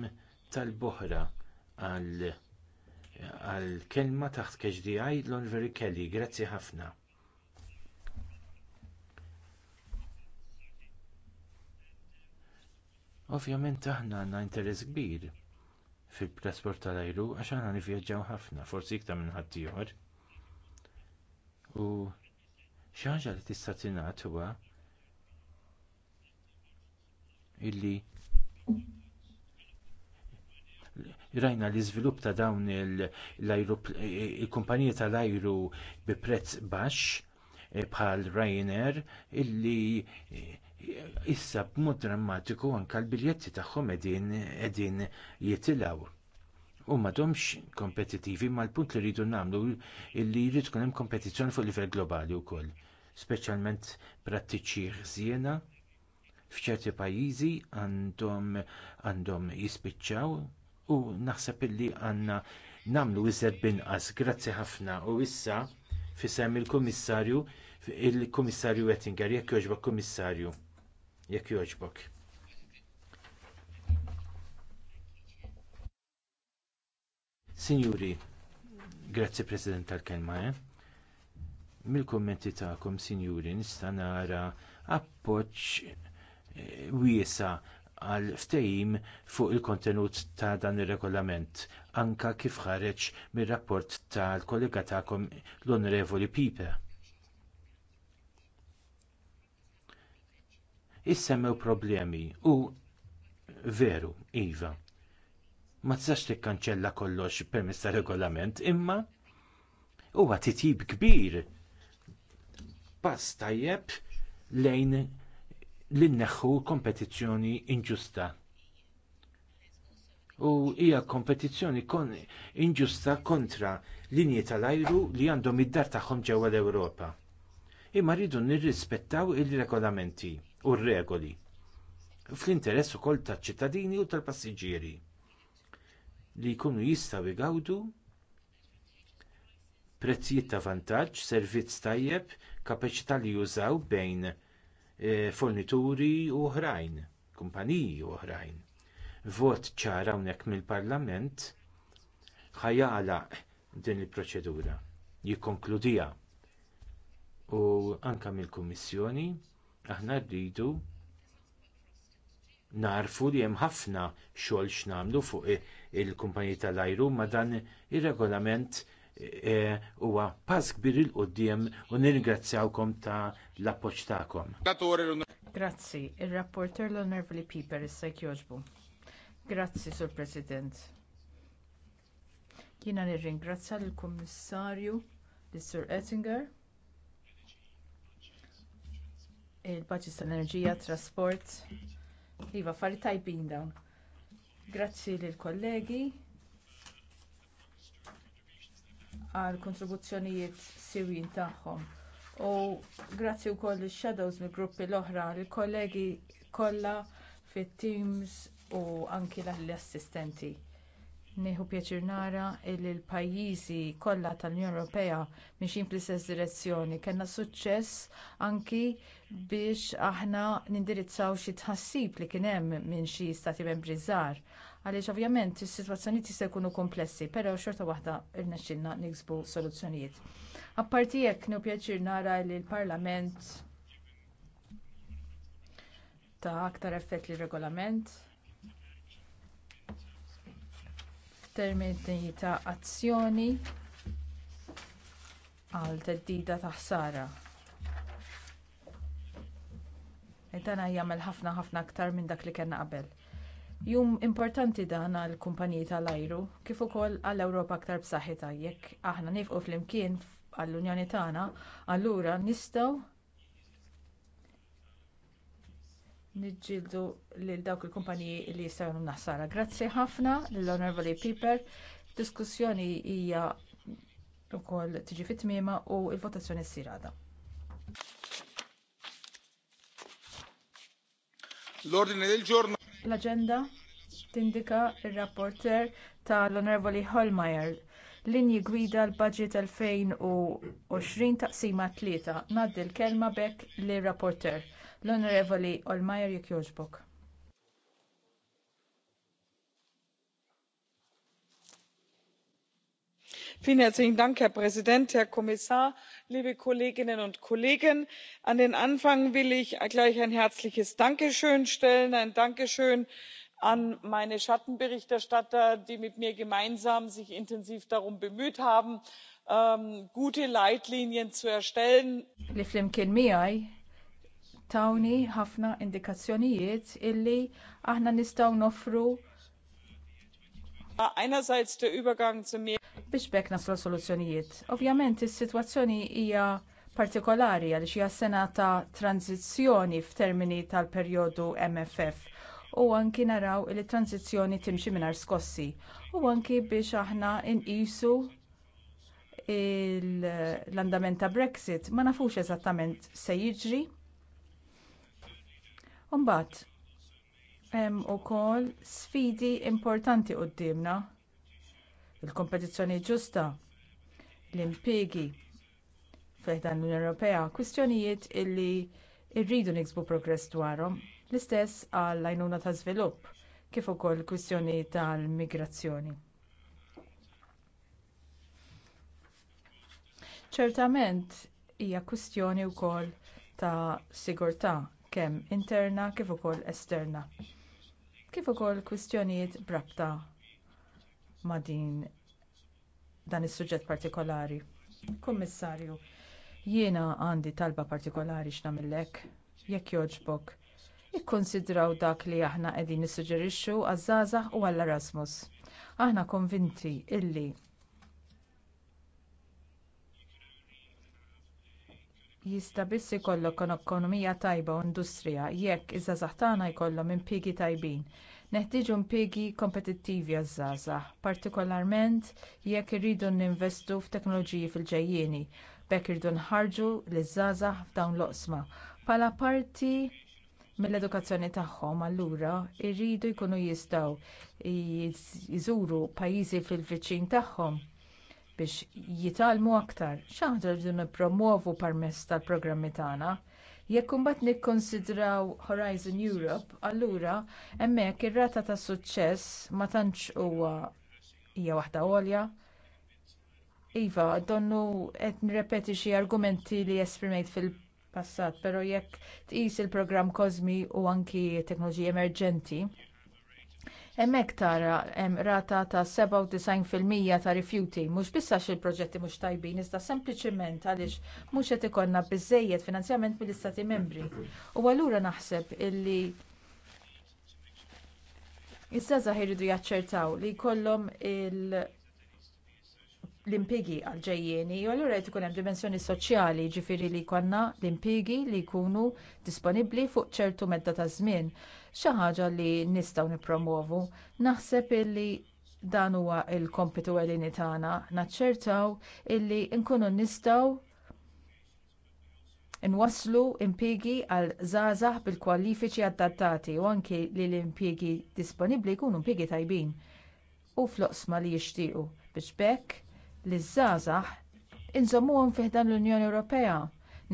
tal-boħra għall kelma taħt KHDI l-Onveri Kelly. Grazzi ħafna. Ovvjament aħna għandna interess kbir fil-trasport tal-ajru għax aħna nivvjaġġaw ħafna, forsi iktar minn ħadd ieħor. U xi ħaġa li tista' tingħad huwa illi rajna li żvilupp ta' dawn il-kumpaniji il kumpaniji tal ajru bi prezz baxx eh, bħal Ryanair illi eh, issa b'mod drammatiku anke l-biljetti tagħhom qegħdin jitilgħu. U m'għadhomx kompetittivi mal-punt li rridu nagħmlu li jrid tkun hemm kompetizzjoni fuq livell globali wkoll, speċjalment prattiċi ħsiena f'ċerti pajjiżi għandhom għandhom jispiċċaw u naħseb illi għandna nagħmlu iżjed binqas. Grazzi ħafna u issa fisem il-Kummissarju il-Kummissarju Ettinger, jekk jogħġbok Kummissarju jekk jogħġbok. Signuri grazzi President tal-kelma, eh? Mill-kommenti tagħkom, sinjuri, nista' nara appoġġ eh, wiesa għal ftehim fuq il-kontenut ta' dan ir-regolament anke kif ħareġ mir-rapport tal-kollega tagħkom l-Onorevoli Piper. issemmew problemi u veru, iva. Ma tistax tikkanċella kollox permezz ta' regolament, imma huwa titjib kbir. Pass tajjeb lejn li nneħħu kompetizzjoni inġusta. U hija kompetizzjoni kon inġusta kontra linji tal-ajru li għandhom id-dar tagħhom ġewwa l-Ewropa. Imma rridu nirrispettaw ir regolamenti u r-regoli fl-interess ukoll taċ-ċittadini u tal-passiġġieri li jkunu jistgħu jgawdu prezzijiet ta' vantaġġ, servizz tajjeb, kapaċità li jużaw bejn eh, fornituri u oħrajn, kumpaniji oħrajn. Vot ċara hawnhekk mill-Parlament ħajaqlaq din il-proċedura, jikkonkludiha u anke mill-Kummissjoni Aħna rridu narfu li hemm ħafna xogħol x'namlu fuq il-kumpaniji tal-ajru ma dan ir-regolament e, huwa pass kbir il qudiem u nirringrazzjawkom ta' l-appoġġ tagħkom. Grazzi, ir-rapporter l-Onorevoli Piper issa jogħġbu. Grazzi, Sur President. Jiena nirringrazzja lill kummissarju lis sur Ettinger il-budget tal-enerġija, trasport. Iva, affarijiet tajbin dawn. Grazzi lill kollegi għal kontribuzzjonijiet sirjin tagħhom. U grazzi wkoll ix shadows mill-gruppi l-oħra, lill kollegi kollha fit-teams u anki l-assistenti. Nieħu pjaċir nara li l-pajjiżi kollha tal-Unjoni Ewropea mixin fl-istess direzzjoni. Kellna suċċess anki biex aħna nindirizzaw xi tħassib li kien hemm minn xi stati membri żgħar għaliex ovvjament is-sitwazzjoni tista' jkunu komplessi, però xorta waħda irnexxilna niksbu soluzzjonijiet. Apparti hekk nieħu pjaċir nara li l-Parlament ta' aktar effett li regolament termini ta' azzjoni għal theddida ta' ħsara. E dan jagħmel ħafna ħafna aktar minn dak li kellna qabel. Jum importanti dan għall kumpaniji tal-ajru kif ukoll għall ewropa aktar b'saħħitha jekk aħna nifqu flimkien għall-Unjoni tagħna, allura nistgħu niġġieldu lil dawk il-kumpaniji li jistgħu naħsara. Grazzi ħafna lill-Onorevoli Piper. Diskussjoni hija wkoll tiġi fit-tmiema u l-votazzjoni ssir għadha. L-ordine del giorno. L-agenda tindika il-rapporter tal-Onorevoli Holmeyer linji gwida l-budget 2020 taqsima tlieta. Ngħaddi l-kelma b'hekk lir rapporter L-Onorevoli Olmajer jek Vielen herzlichen Dank, Herr Präsident, Herr Kommissar, liebe Kolleginnen und Kollegen. An den Anfang will ich gleich ein herzliches Dankeschön stellen, ein Dankeschön an meine Schattenberichterstatter, die sich mit mir gemeinsam sich intensiv darum bemüht haben, ähm, gute Leitlinien zu erstellen tawni ħafna indikazzjonijiet illi aħna nistgħu noffru einerseits der Übergang zu mehr biex bekk naslu soluzzjonijiet. Ovvjament is-sitwazzjoni hija partikolari għaliex hija sena ta' tranzizzjoni f'termini tal-perjodu MFF u anki naraw li t tranzizzjoni timxi mingħajr skossi u anki biex aħna nqisu l-andament ta' Brexit ma nafux eżattament se jiġri Umbat, hemm ukoll sfidi importanti qudiemna. Il-kompetizzjoni ġusta, l-impjiegi fl-ħdan l-Unjoni Ewropea, kwistjonijiet illi rridu niksbu progress dwarhom. L-istess għall għajnuna ta' żvilupp kif ukoll kwistjoni tal-migrazzjoni. Ċertament hija kwistjoni wkoll ta' sigurtà kemm interna kif ukoll esterna. Kif ukoll kwistjonijiet brabta ma' din dan is-suġġett partikolari. Kummissarju, jiena għandi talba partikolari x'namillek jekk jogħġbok. Ikkonsidraw dak li aħna qegħdin nissuġġerixxu għaż-żgħażagħ u għall Erasmus. Aħna konvinti illi jista' biss ikollok ekonomija tajba u industrija jekk iż-żgħażagħ tagħna jkollhom impjiegi tajbin neħtieġu impjiegi kompetittivi għaż-żgħażagħ partikolarment jekk irridu ninvestu f'teknoloġiji fil-ġejjieni b'hekk irridu nħarġu liż-żgħażagħ f'dawn l-oqsma bħala parti mill-edukazzjoni tagħhom allura jridu jkunu jistgħu jżuru pajjiżi fil-viċin tagħhom biex jitalmu aktar. ċaħġa rridu nippromovu permezz tal-programmi tagħna. Jekk imbagħad nikkonsidraw Horizon Europe, allura hemmhekk ir-rata ta' suċċess ma tantx huwa hija waħda għolja. Iva, donnu qed nirrepeti xi argumenti li esprimejt fil-passat, però jekk tqis il-programm Kozmi u anki teknoloġija emerġenti, Hemmhekk tara hemm rata ta' 97% ta' rifjuti, mhux biss għax il-proġetti mhux tajbin, iżda sempliċiment għaliex mhux qed ikollna biżżejjed finanzjament mill-Istati Membri. U allura naħseb illi Issa żazaħ irridu jaċċertaw li jkollhom il- l-impigi għal-ġejjeni, u għallura jtikun hemm dimensjoni soċjali, ġifiri li jkollna l-impigi li jkunu disponibbli fuq ċertu medda ta' żmien, xi ħaġa li nistgħu nippromovu. Naħseb illi dan huwa l kompitu għelini tagħna naċċertaw illi nkunu nistgħu nwasslu impjiegi għal żgħażagħ bil-kwalifiċi adattati u anki li l-impjiegi disponibbli jkunu impjiegi tajbin u fl li jixtiequ biex bekk li żgħażagħ inżommuhom fih dan l-Unjoni Ewropea.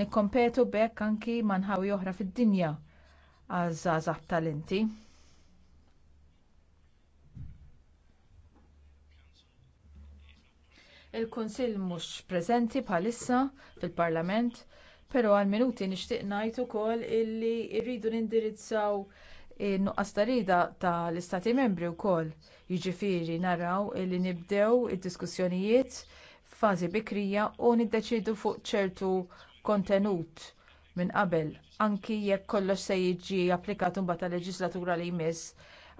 Nikkompetu b'hekk anki ma' nħawi oħra fid-dinja għal żgħażagħ talenti. Il-Kunsill mhux preżenti bħalissa fil-Parlament, però għal minuti nixtieq ngħid ukoll illi rridu nindirizzaw nuqqas tarida tal-istati membri wkoll. Jiġifieri naraw li nibdew id-diskussjonijiet f'fażi bikrija u niddeċiedu fuq ċertu kontenut minn qabel anki jekk kollox se jiġi applikat imbagħad tal-leġislatura li jmiss.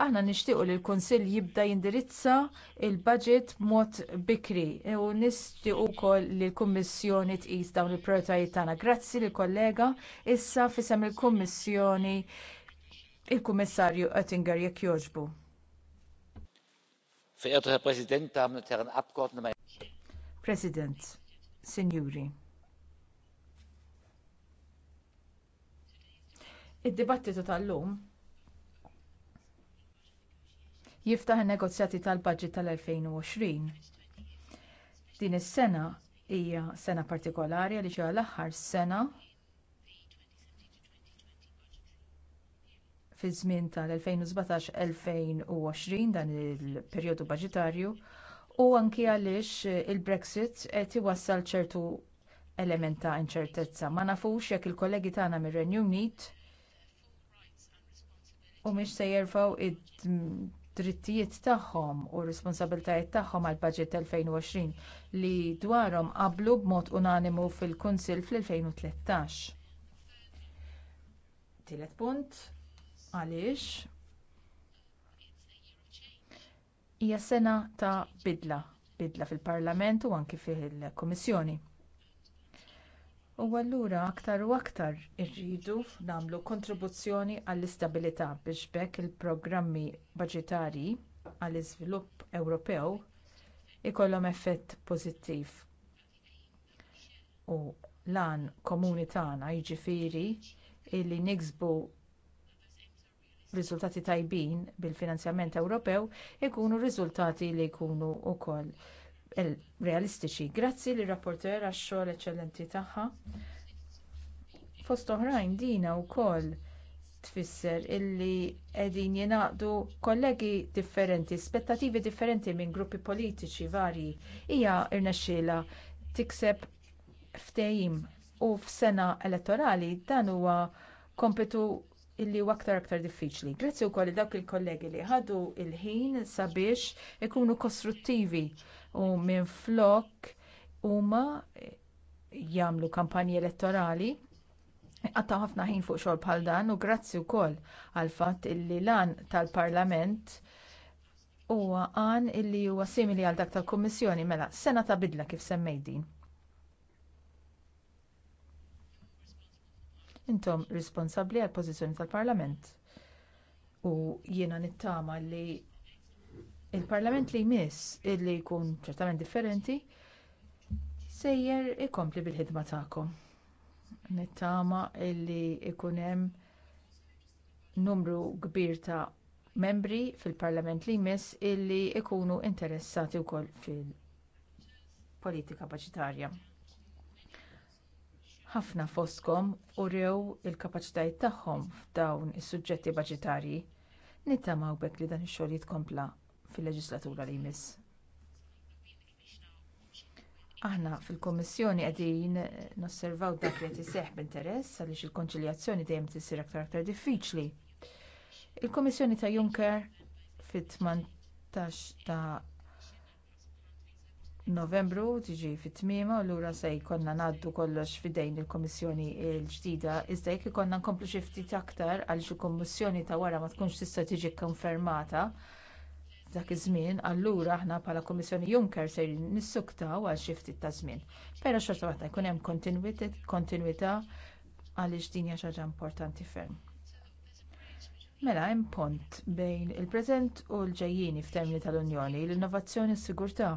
Aħna nixtiequ li l-Kunsill jibda jindirizza l budget b'mod bikri u nixtiequ wkoll li l-Kummissjoni tqis dawn il-prioritajiet tagħna. Grazzi lill kollega issa fisem il-Kummissjoni il-Kummissarju Oettinger jekk jogħġbu. Verehrter Herr Präsident, Damen und Herren Abgeordnete, President, Signori. Id-dibattitu tal-lum jiftaħ in-negozjati tal-budget tal-2020. Din is-sena hija sena partikolari għaliex l-aħħar -sena fi żmien tal-2017-2020 dan il-perjodu baġitarju u anki għaliex il-Brexit qed iwassal ċertu element ta' inċertezza. Ma nafux jekk il-kollegi tagħna mir-Renju Unit u mhix se jerfgħu id-drittijiet tagħhom u r-responsabiltajiet tagħhom għall baġit 2020 li dwarhom qablu b'mod unanimu fil-Kunsill fl-2013. Tielet punt Għaliex? Hija sena ta' bidla, bidla fil-Parlament u anki fil-Kummissjoni. U allura aktar u aktar irridu nagħmlu kontribuzzjoni għall-istabilità biex bekk il-programmi baġitarji għall-iżvilupp Ewropew ikollhom effett pożittiv. U lan komuni tagħna jiġifieri li niksbu riżultati tajbin bil-finanzjament Ewropew ikunu riżultati li jkunu wkoll eh, realistiċi. Grazzi lir rapporter għax-xogħol eċċellenti tagħha. Fost oħrajn dina wkoll tfisser illi qegħdin jingħaqdu kollegi differenti, spettattivi differenti minn gruppi politiċi varji hija rnexxiela tikseb ftehim u f'sena elettorali dan huwa kompitu illi huwa aktar aktar diffiċli. Grazzi wkoll li dawk il-kollegi li ħadu il-ħin sabiex ikunu kostruttivi u minn flok huma jagħmlu kampanji elettorali għatta ħafna ħin fuq xogħol bħal dan u grazzi wkoll għal fatt illi lan tal-Parlament huwa għan illi huwa simili għal dak tal-Kummissjoni mela sena ta' bidla kif semmejdin. din. intom responsabbli għall pożizzjoni tal-Parlament. U jiena nittama li l parlament li jmiss illi jkun ċertament differenti sejjer ikompli bil-ħidma tagħkom. Nittama illi ikun hemm numru kbir ta' membri fil-Parlament li jmiss illi ikunu interessati wkoll fil-politika baġitarja ħafna fosthom u rew il-kapaċitajiet tagħhom f'dawn is-suġġetti baġitarji. nittama hawnhekk li dan ix-xogħol jitkompla fil-leġislatura li jmiss. Aħna fil kummissjoni qegħdin nosservaw dak li qed iseħħ b'interess għaliex il-konċiljazzjoni dejjem tisir aktar aktar diffiċli. il kummissjoni ta' Juncker fit-18 ta' novembru tiġi fit-tmiema u lura se jkollna ngħaddu kollox fidejn il-Kummissjoni l-ġdida iżda jekk ikollna nkomplu xi ftit aktar għal xi kummissjoni ta' wara ma tkunx tista' tiġi kkonfermata dak iż-żmien, allura aħna bħala Kummissjoni Juncker se nissuktaw għal xi ftit ta' żmien. Però xorta waħda jkun hemm kontinwità għaliex din hija xi ħaġa importanti ferm. Mela, hemm pont bejn il-preżent u l-ġejjini f'termini tal-Unjoni, l-innovazzjoni s-sigurtà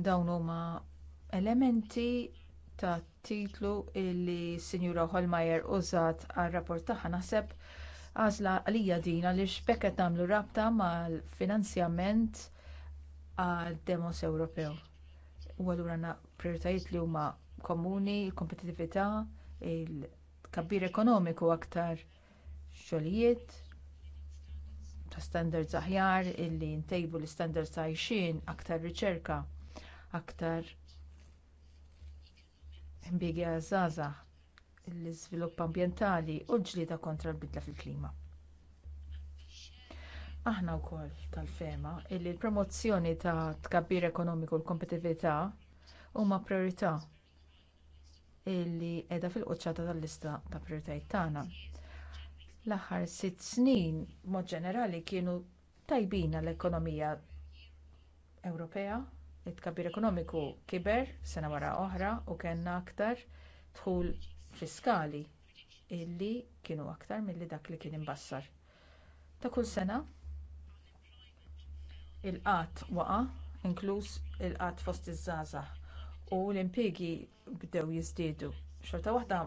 Dawn huma elementi ta' titlu li Sinjura Holmeyer użat għar-rapport tagħha naħseb għażla għalija din għaliex bekk qed nagħmlu rabta mal-finanzjament għad-demos Ewropew. U allura għandna prioritajiet li huma komuni, l kompetitività il-kabbir ekonomiku aktar xogħlijiet, ta' standards aħjar illi ntejbu l-standards ta' għajxin aktar riċerka aktar impjiegi żgħażagħ l-iżvilupp ambjentali u l-ġlieda kontra l-bidla fil-klima. Aħna wkoll tal-fema li l-promozzjoni ta' tkabbir ekonomiku u l-kompetitività huma priorità illi qiegħda fil-quċċata tal-lista ta' prijoritajiet tagħna. L-aħħar sitt snin mod ġenerali kienu tajbin għall-ekonomija Ewropea it-tkabbir ekonomiku kiber sena wara oħra u kellna aktar dħul fiskali illi kienu aktar milli dak li kien imbassar. Ta' kull sena il-qatt waqa' inkluż il-qatt fost iż-żgħażagħ u l-impjiegi bdew jiżdiedu. Xorta waħda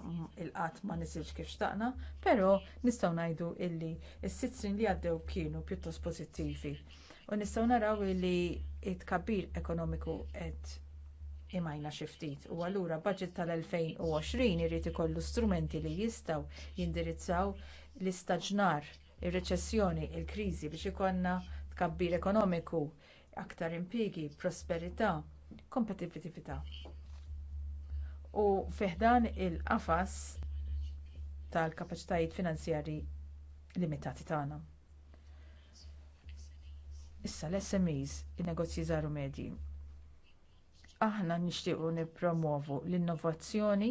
il-qatt ma niżilx kif xtaqna, però nistgħu ngħidu illi s-sitt snin li għaddew kienu pjuttost pożittivi u nistgħu naraw li t tkabbir ekonomiku qed imajna xi ftit u allura budget tal-2020 irid ikollu strumenti li jistgħu jindirizzaw l-istaġnar, ir-reċessjoni, il krizi kriżi biex ikonna tkabbir ekonomiku, aktar impjiegi, prosperità, kompetitività. U fih dan il-qafas tal-kapaċitajiet finanzjarji limitati tagħna. Issa l-SMEs, in-negozji żgħar u medji. Aħna nixtiequ nippromovu l-innovazzjoni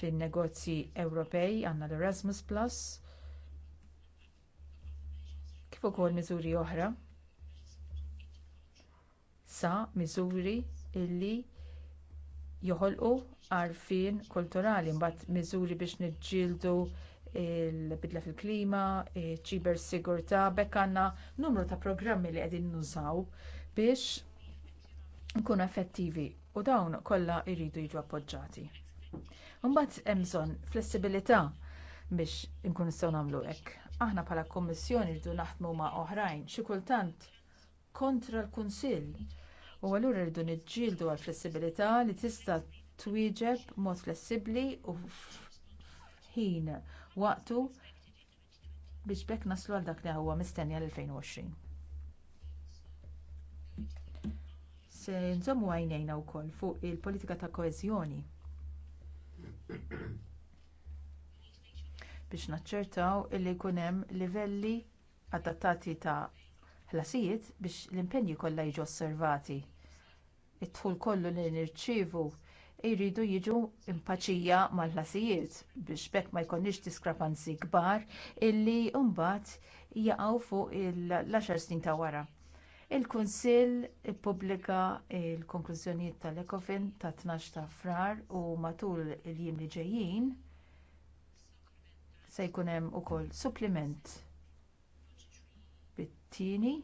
fin-negozji Ewropej għandna l-Erasmus Plus kif ukoll miżuri oħra sa miżuri illi joħolqu għarfien kulturali mbagħad miżuri biex niġġieldu il-bidla fil-klima, ċiber sigurta, bekk għandna numru ta' programmi li qegħdin nużaw biex nkunu effettivi u dawn kollha jridu jiġu appoġġjati. Imbagħad hemm bżonn flessibilità biex nkunu nistgħu nagħmlu hekk. Aħna bħala kommissjoni rridu naħdmu ma' oħrajn xi kultant kontra l-Kunsill u allura rridu niġġieldu għall flessibilità li tista' twieġeb mod flessibbli u ħin waqtu biex bekk naslu għal dak li huwa mistenni l 2020. Se nżommu għajnejna wkoll fuq il-politika ta' koeżjoni biex naċċertaw illi jkun hemm livelli adattati ta' ħlasijiet biex l-impenji kollha jiġu osservati. Id-dħul kollu li nirċievu jridu jiġu impaċija mal-ħlasijiet biex bekk ma jkollniex diskrepanzi kbar illi mbagħad jaqgħu fuq il-10 snin ta' wara. Il-Kunsill ippubblika l konklużjonijiet tal-Ecofin ta' 12 ta' frar u matul il-jiem li ġejjin se jkun hemm ukoll suppliment bit-tieni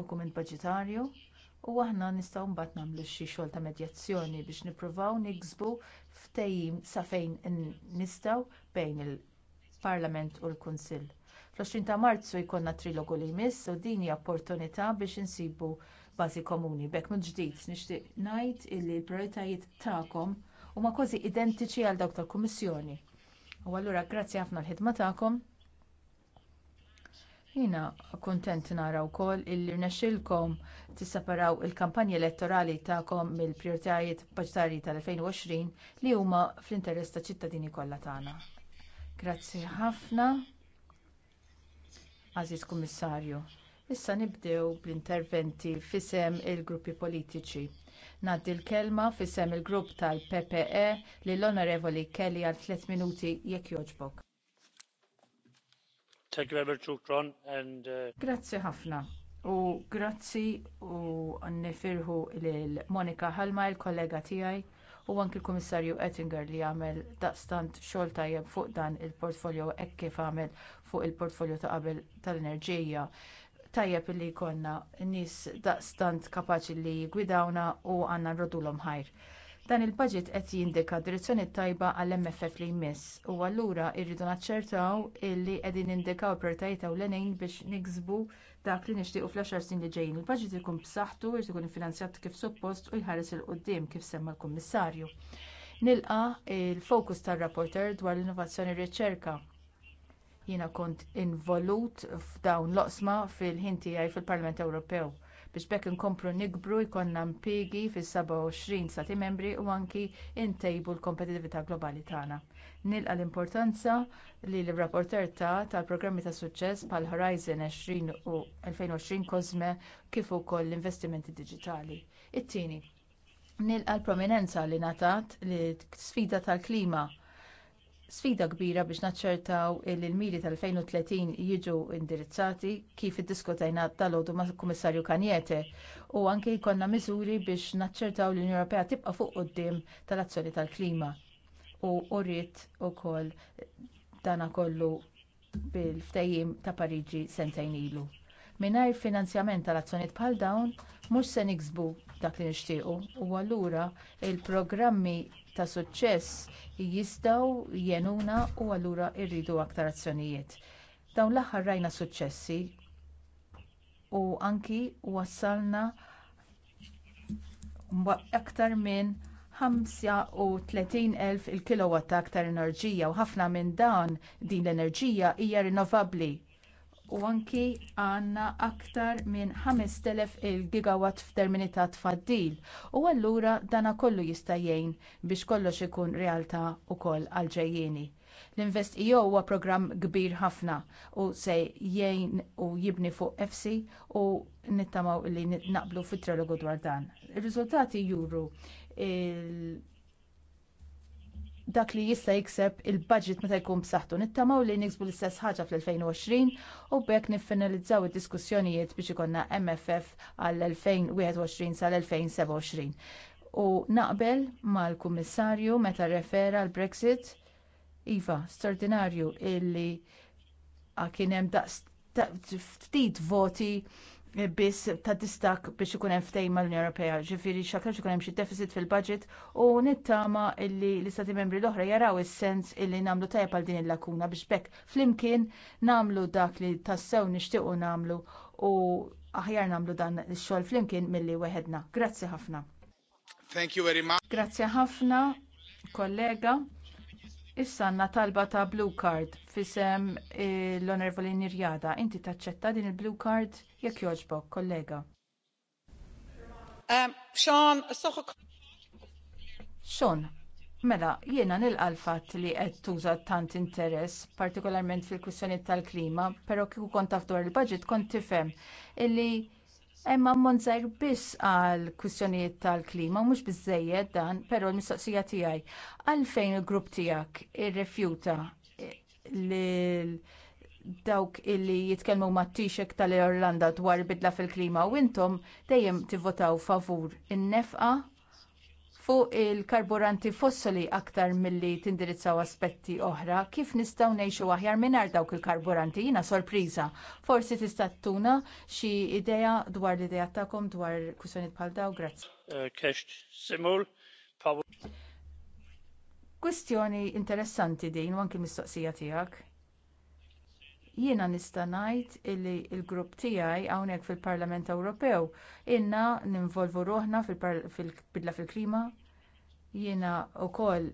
dokument budġetarju u aħna nistgħu mbagħad nagħmlu xi xogħol ta' medjazzjoni biex nippruvaw niksbu ftehim sa fejn nistgħu bejn il-Parlament u l-Kunsill. Fl-20 ta' Marzu jkollna trilogu li jmiss u din hija opportunità biex insibu bażi komuni. B'hekk minn ġdid nixtieq ngħid illi l-prioritajiet tagħkom huma kważi identiċi għal dawk tal-Kummissjoni. U allura grazzi ħafna l-ħidma tagħkom Jina kuntent nara wkoll illi rnexxilkom tisaparaw il-kampanja elettorali tagħkom mill-prijoritajiet budġetarji tal-2020 li huma fl-interess ta' ċittadini kollha tagħna. Grazzi ħafna. Aziz Kummissarju. Issa nibdew bl-interventi f'isem il-gruppi politiċi. Naddi l-kelma f'isem il-grupp tal-PPE lill onorevoli Kelly għal tliet minuti jekk jogħġbok. Uh, grazzi ħafna. U grazzi u nifirħu lil Monika Halma, il-kollega tiegħi, u anki l-Kummissarju Ettinger li għamel daqstant xogħol tajjeb fuq dan il-portfolio hekk kif għamel fuq il-portfolio ta' qabel tal-enerġija. Tajjeb li jkollna nies daqstant kapaċi li jgwidawna u għandna nrodulhom ħajr. Dan il-budget qed jindika direzzjoni tajba għall-MFF li jmiss u allura rridu naċċertaw illi qegħdin indikaw prioritajiet ewlenin biex niksbu dak li nixtiequ fl-10 sin li ġejjin. Il-budget ikun b'saħħtu irid ikun iffinanzjat kif suppost u jħares il quddiem kif semma l-Kummissarju. Nilqa il-fokus tar-rapporter dwar l-innovazzjoni r-riċerka jiena kont involut f'dawn l-oqsma fil-ħin tiegħi fil-Parlament Ewropew biex bekk inkomplu nikbru jkollna impjiegi fis-27 stati membri u anki ntejbu l-kompetitività globali tagħna. Nilqa l-importanza li l-rapporter ta' tal-programmi ta' suċċess bħal Horizon 20 u 2020 Cosme kif ukoll l-investimenti diġitali. It-tieni, nilqa l-prominenza li ngħatat li sfida tal-klima sfida kbira biex naċċertaw li l-miri tal-2030 jiġu indirizzati kif iddiskutejna tal għodu mal-Kummissarju Kanjete u anke jkollna miżuri biex naċċertaw li l-Unjoni Ewropea tibqa' fuq quddiem tal-azzjoni tal-klima. U urrit ukoll dana kollu bil-ftehim ta' Pariġi sentejn ilu. Mingħajr finanzjament tal-azzjonijiet bħal dawn mhux se niksbu dak li nixtiequ u allura l programmi ta' suċċess jistgħu jenuna u allura rridu aktar azzjonijiet. Dawn l-aħħar rajna suċċessi u anki wassalna aktar minn 35,000 il-kilowatt ta' aktar enerġija u ħafna minn dan din l-enerġija hija rinnovabbli u anki għandna aktar minn 5,000 il-gigawatt f'termini ta' tfaddil u allura dana kollu jista' jgħin biex kollox ikun realtà wkoll għal ġejjieni. L-Invest EU huwa programm kbir ħafna u se jgħin u jibni fuq FC u nittamaw li naqblu fit trelogu dwar dan. Ir-riżultati juru dak li jista' jikseb il-budget meta jkun b'saħħtu. Nittamaw li niksbu l-istess ħaġa fl-2020 u bekk niffinalizzaw id-diskussjonijiet biex ikonna MFF għall-2021 sal-2027. U naqbel mal-Kummissarju meta refera l-Brexit Iva, straordinarju illi kien hemm ftit voti biss ta' distak biex ikun hemm ftehim mal-Unjoni Ewropea. Ġifieri xakar ikun hemm xi deficit fil-budget u nittama illi l-istati membri l-oħra jaraw is-sens illi nagħmlu tajjeb għal din il-lakuna biex bekk flimkien nagħmlu dak li tassew nixtiequ nagħmlu u aħjar nagħmlu dan ix-xogħol flimkien milli weħedna. Grazzi ħafna. Thank you very much. Grazzi ħafna, kollega. Issa għandna talba ta' blue card fisem eh, l-onervoli Nirjada. Inti taċċetta din il-blue card jekk jogħġbok, kollega. Um, Sean, soħok. Sean, mela, jiena nilqa l-fatt li qed tuża tant interess, partikolarment fil-kwistjoni tal-klima, però kieku kont taf il-budget kont tifhem illi Emma Monzer biss għal kwistjonijiet tal-klima, mhux biżżejjed dan, però l-mistoqsija tiegħi għalfejn il-grupp tiegħek refjuta lil dawk illi jitkellmu mat tixek tal-Irlanda dwar bidla fil-klima u intom dejjem tivvotaw favur in-nefqa fuq il-karburanti fossili aktar milli tindirizzaw aspetti oħra, kif nistgħu ngħixu aħjar mingħajr dawk il-karburanti jiena sorpriża. Forsi tista' tuna xi idea dwar l-idea tagħkom dwar kwistjonijiet bħal daw, grazzi. Uh, Kwistjoni interessanti din u anki mistoqsija tiegħek. Jiena nista' ngħid illi l-grupp tiegħi hawnhekk fil-Parlament Ewropew inna ninvolvu ruħna fil-bidla fil-klima jiena wkoll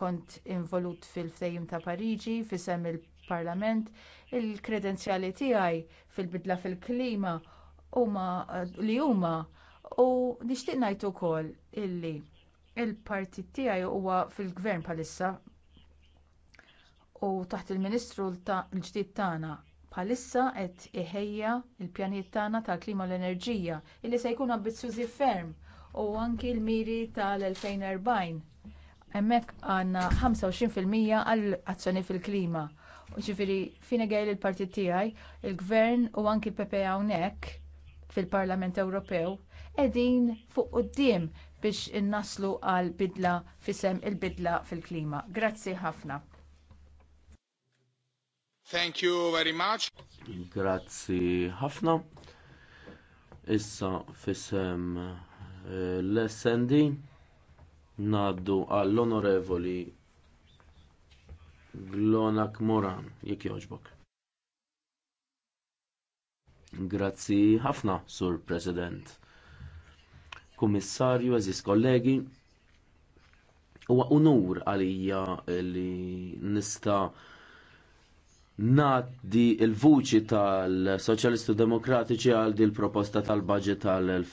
kont involut fil-ftehim ta' Pariġi fisem il-Parlament il-kredenzjali tiegħi fil-bidla fil-klima huma li huma u nixtieq ngħid ukoll illi l partit tiegħi huwa fil-gvern bħalissa u taħt il-Ministru l-ġdid tagħna bħalissa qed iħejja l pjanijiet tagħna tal-klima u l-enerġija illi se jkun ambizzjużi ferm u anki l-miri tal-2040. Hemmhekk għandna 25% għall azzjoni fil-klima. Ġifieri fina għajl il-partit tiegħi, il-Gvern u anki l pepe hawnhekk fil-Parlament Ewropew qegħdin fuq quddiem biex innaslu għal bidla fisem il-bidla fil-klima. Grazzi ħafna. Thank you very much. Grazzi ħafna. Issa fissem eh, l-SND naddu għall-onorevoli Glonak Moran, jek joġbok. Grazzi ħafna, Sur President. Kummissarju, eżis kollegi, u unur għalija li nista' naddi il-vuċi tal-Soċjalistu Demokratiċi għal di l-proposta tal-budget tal-2000.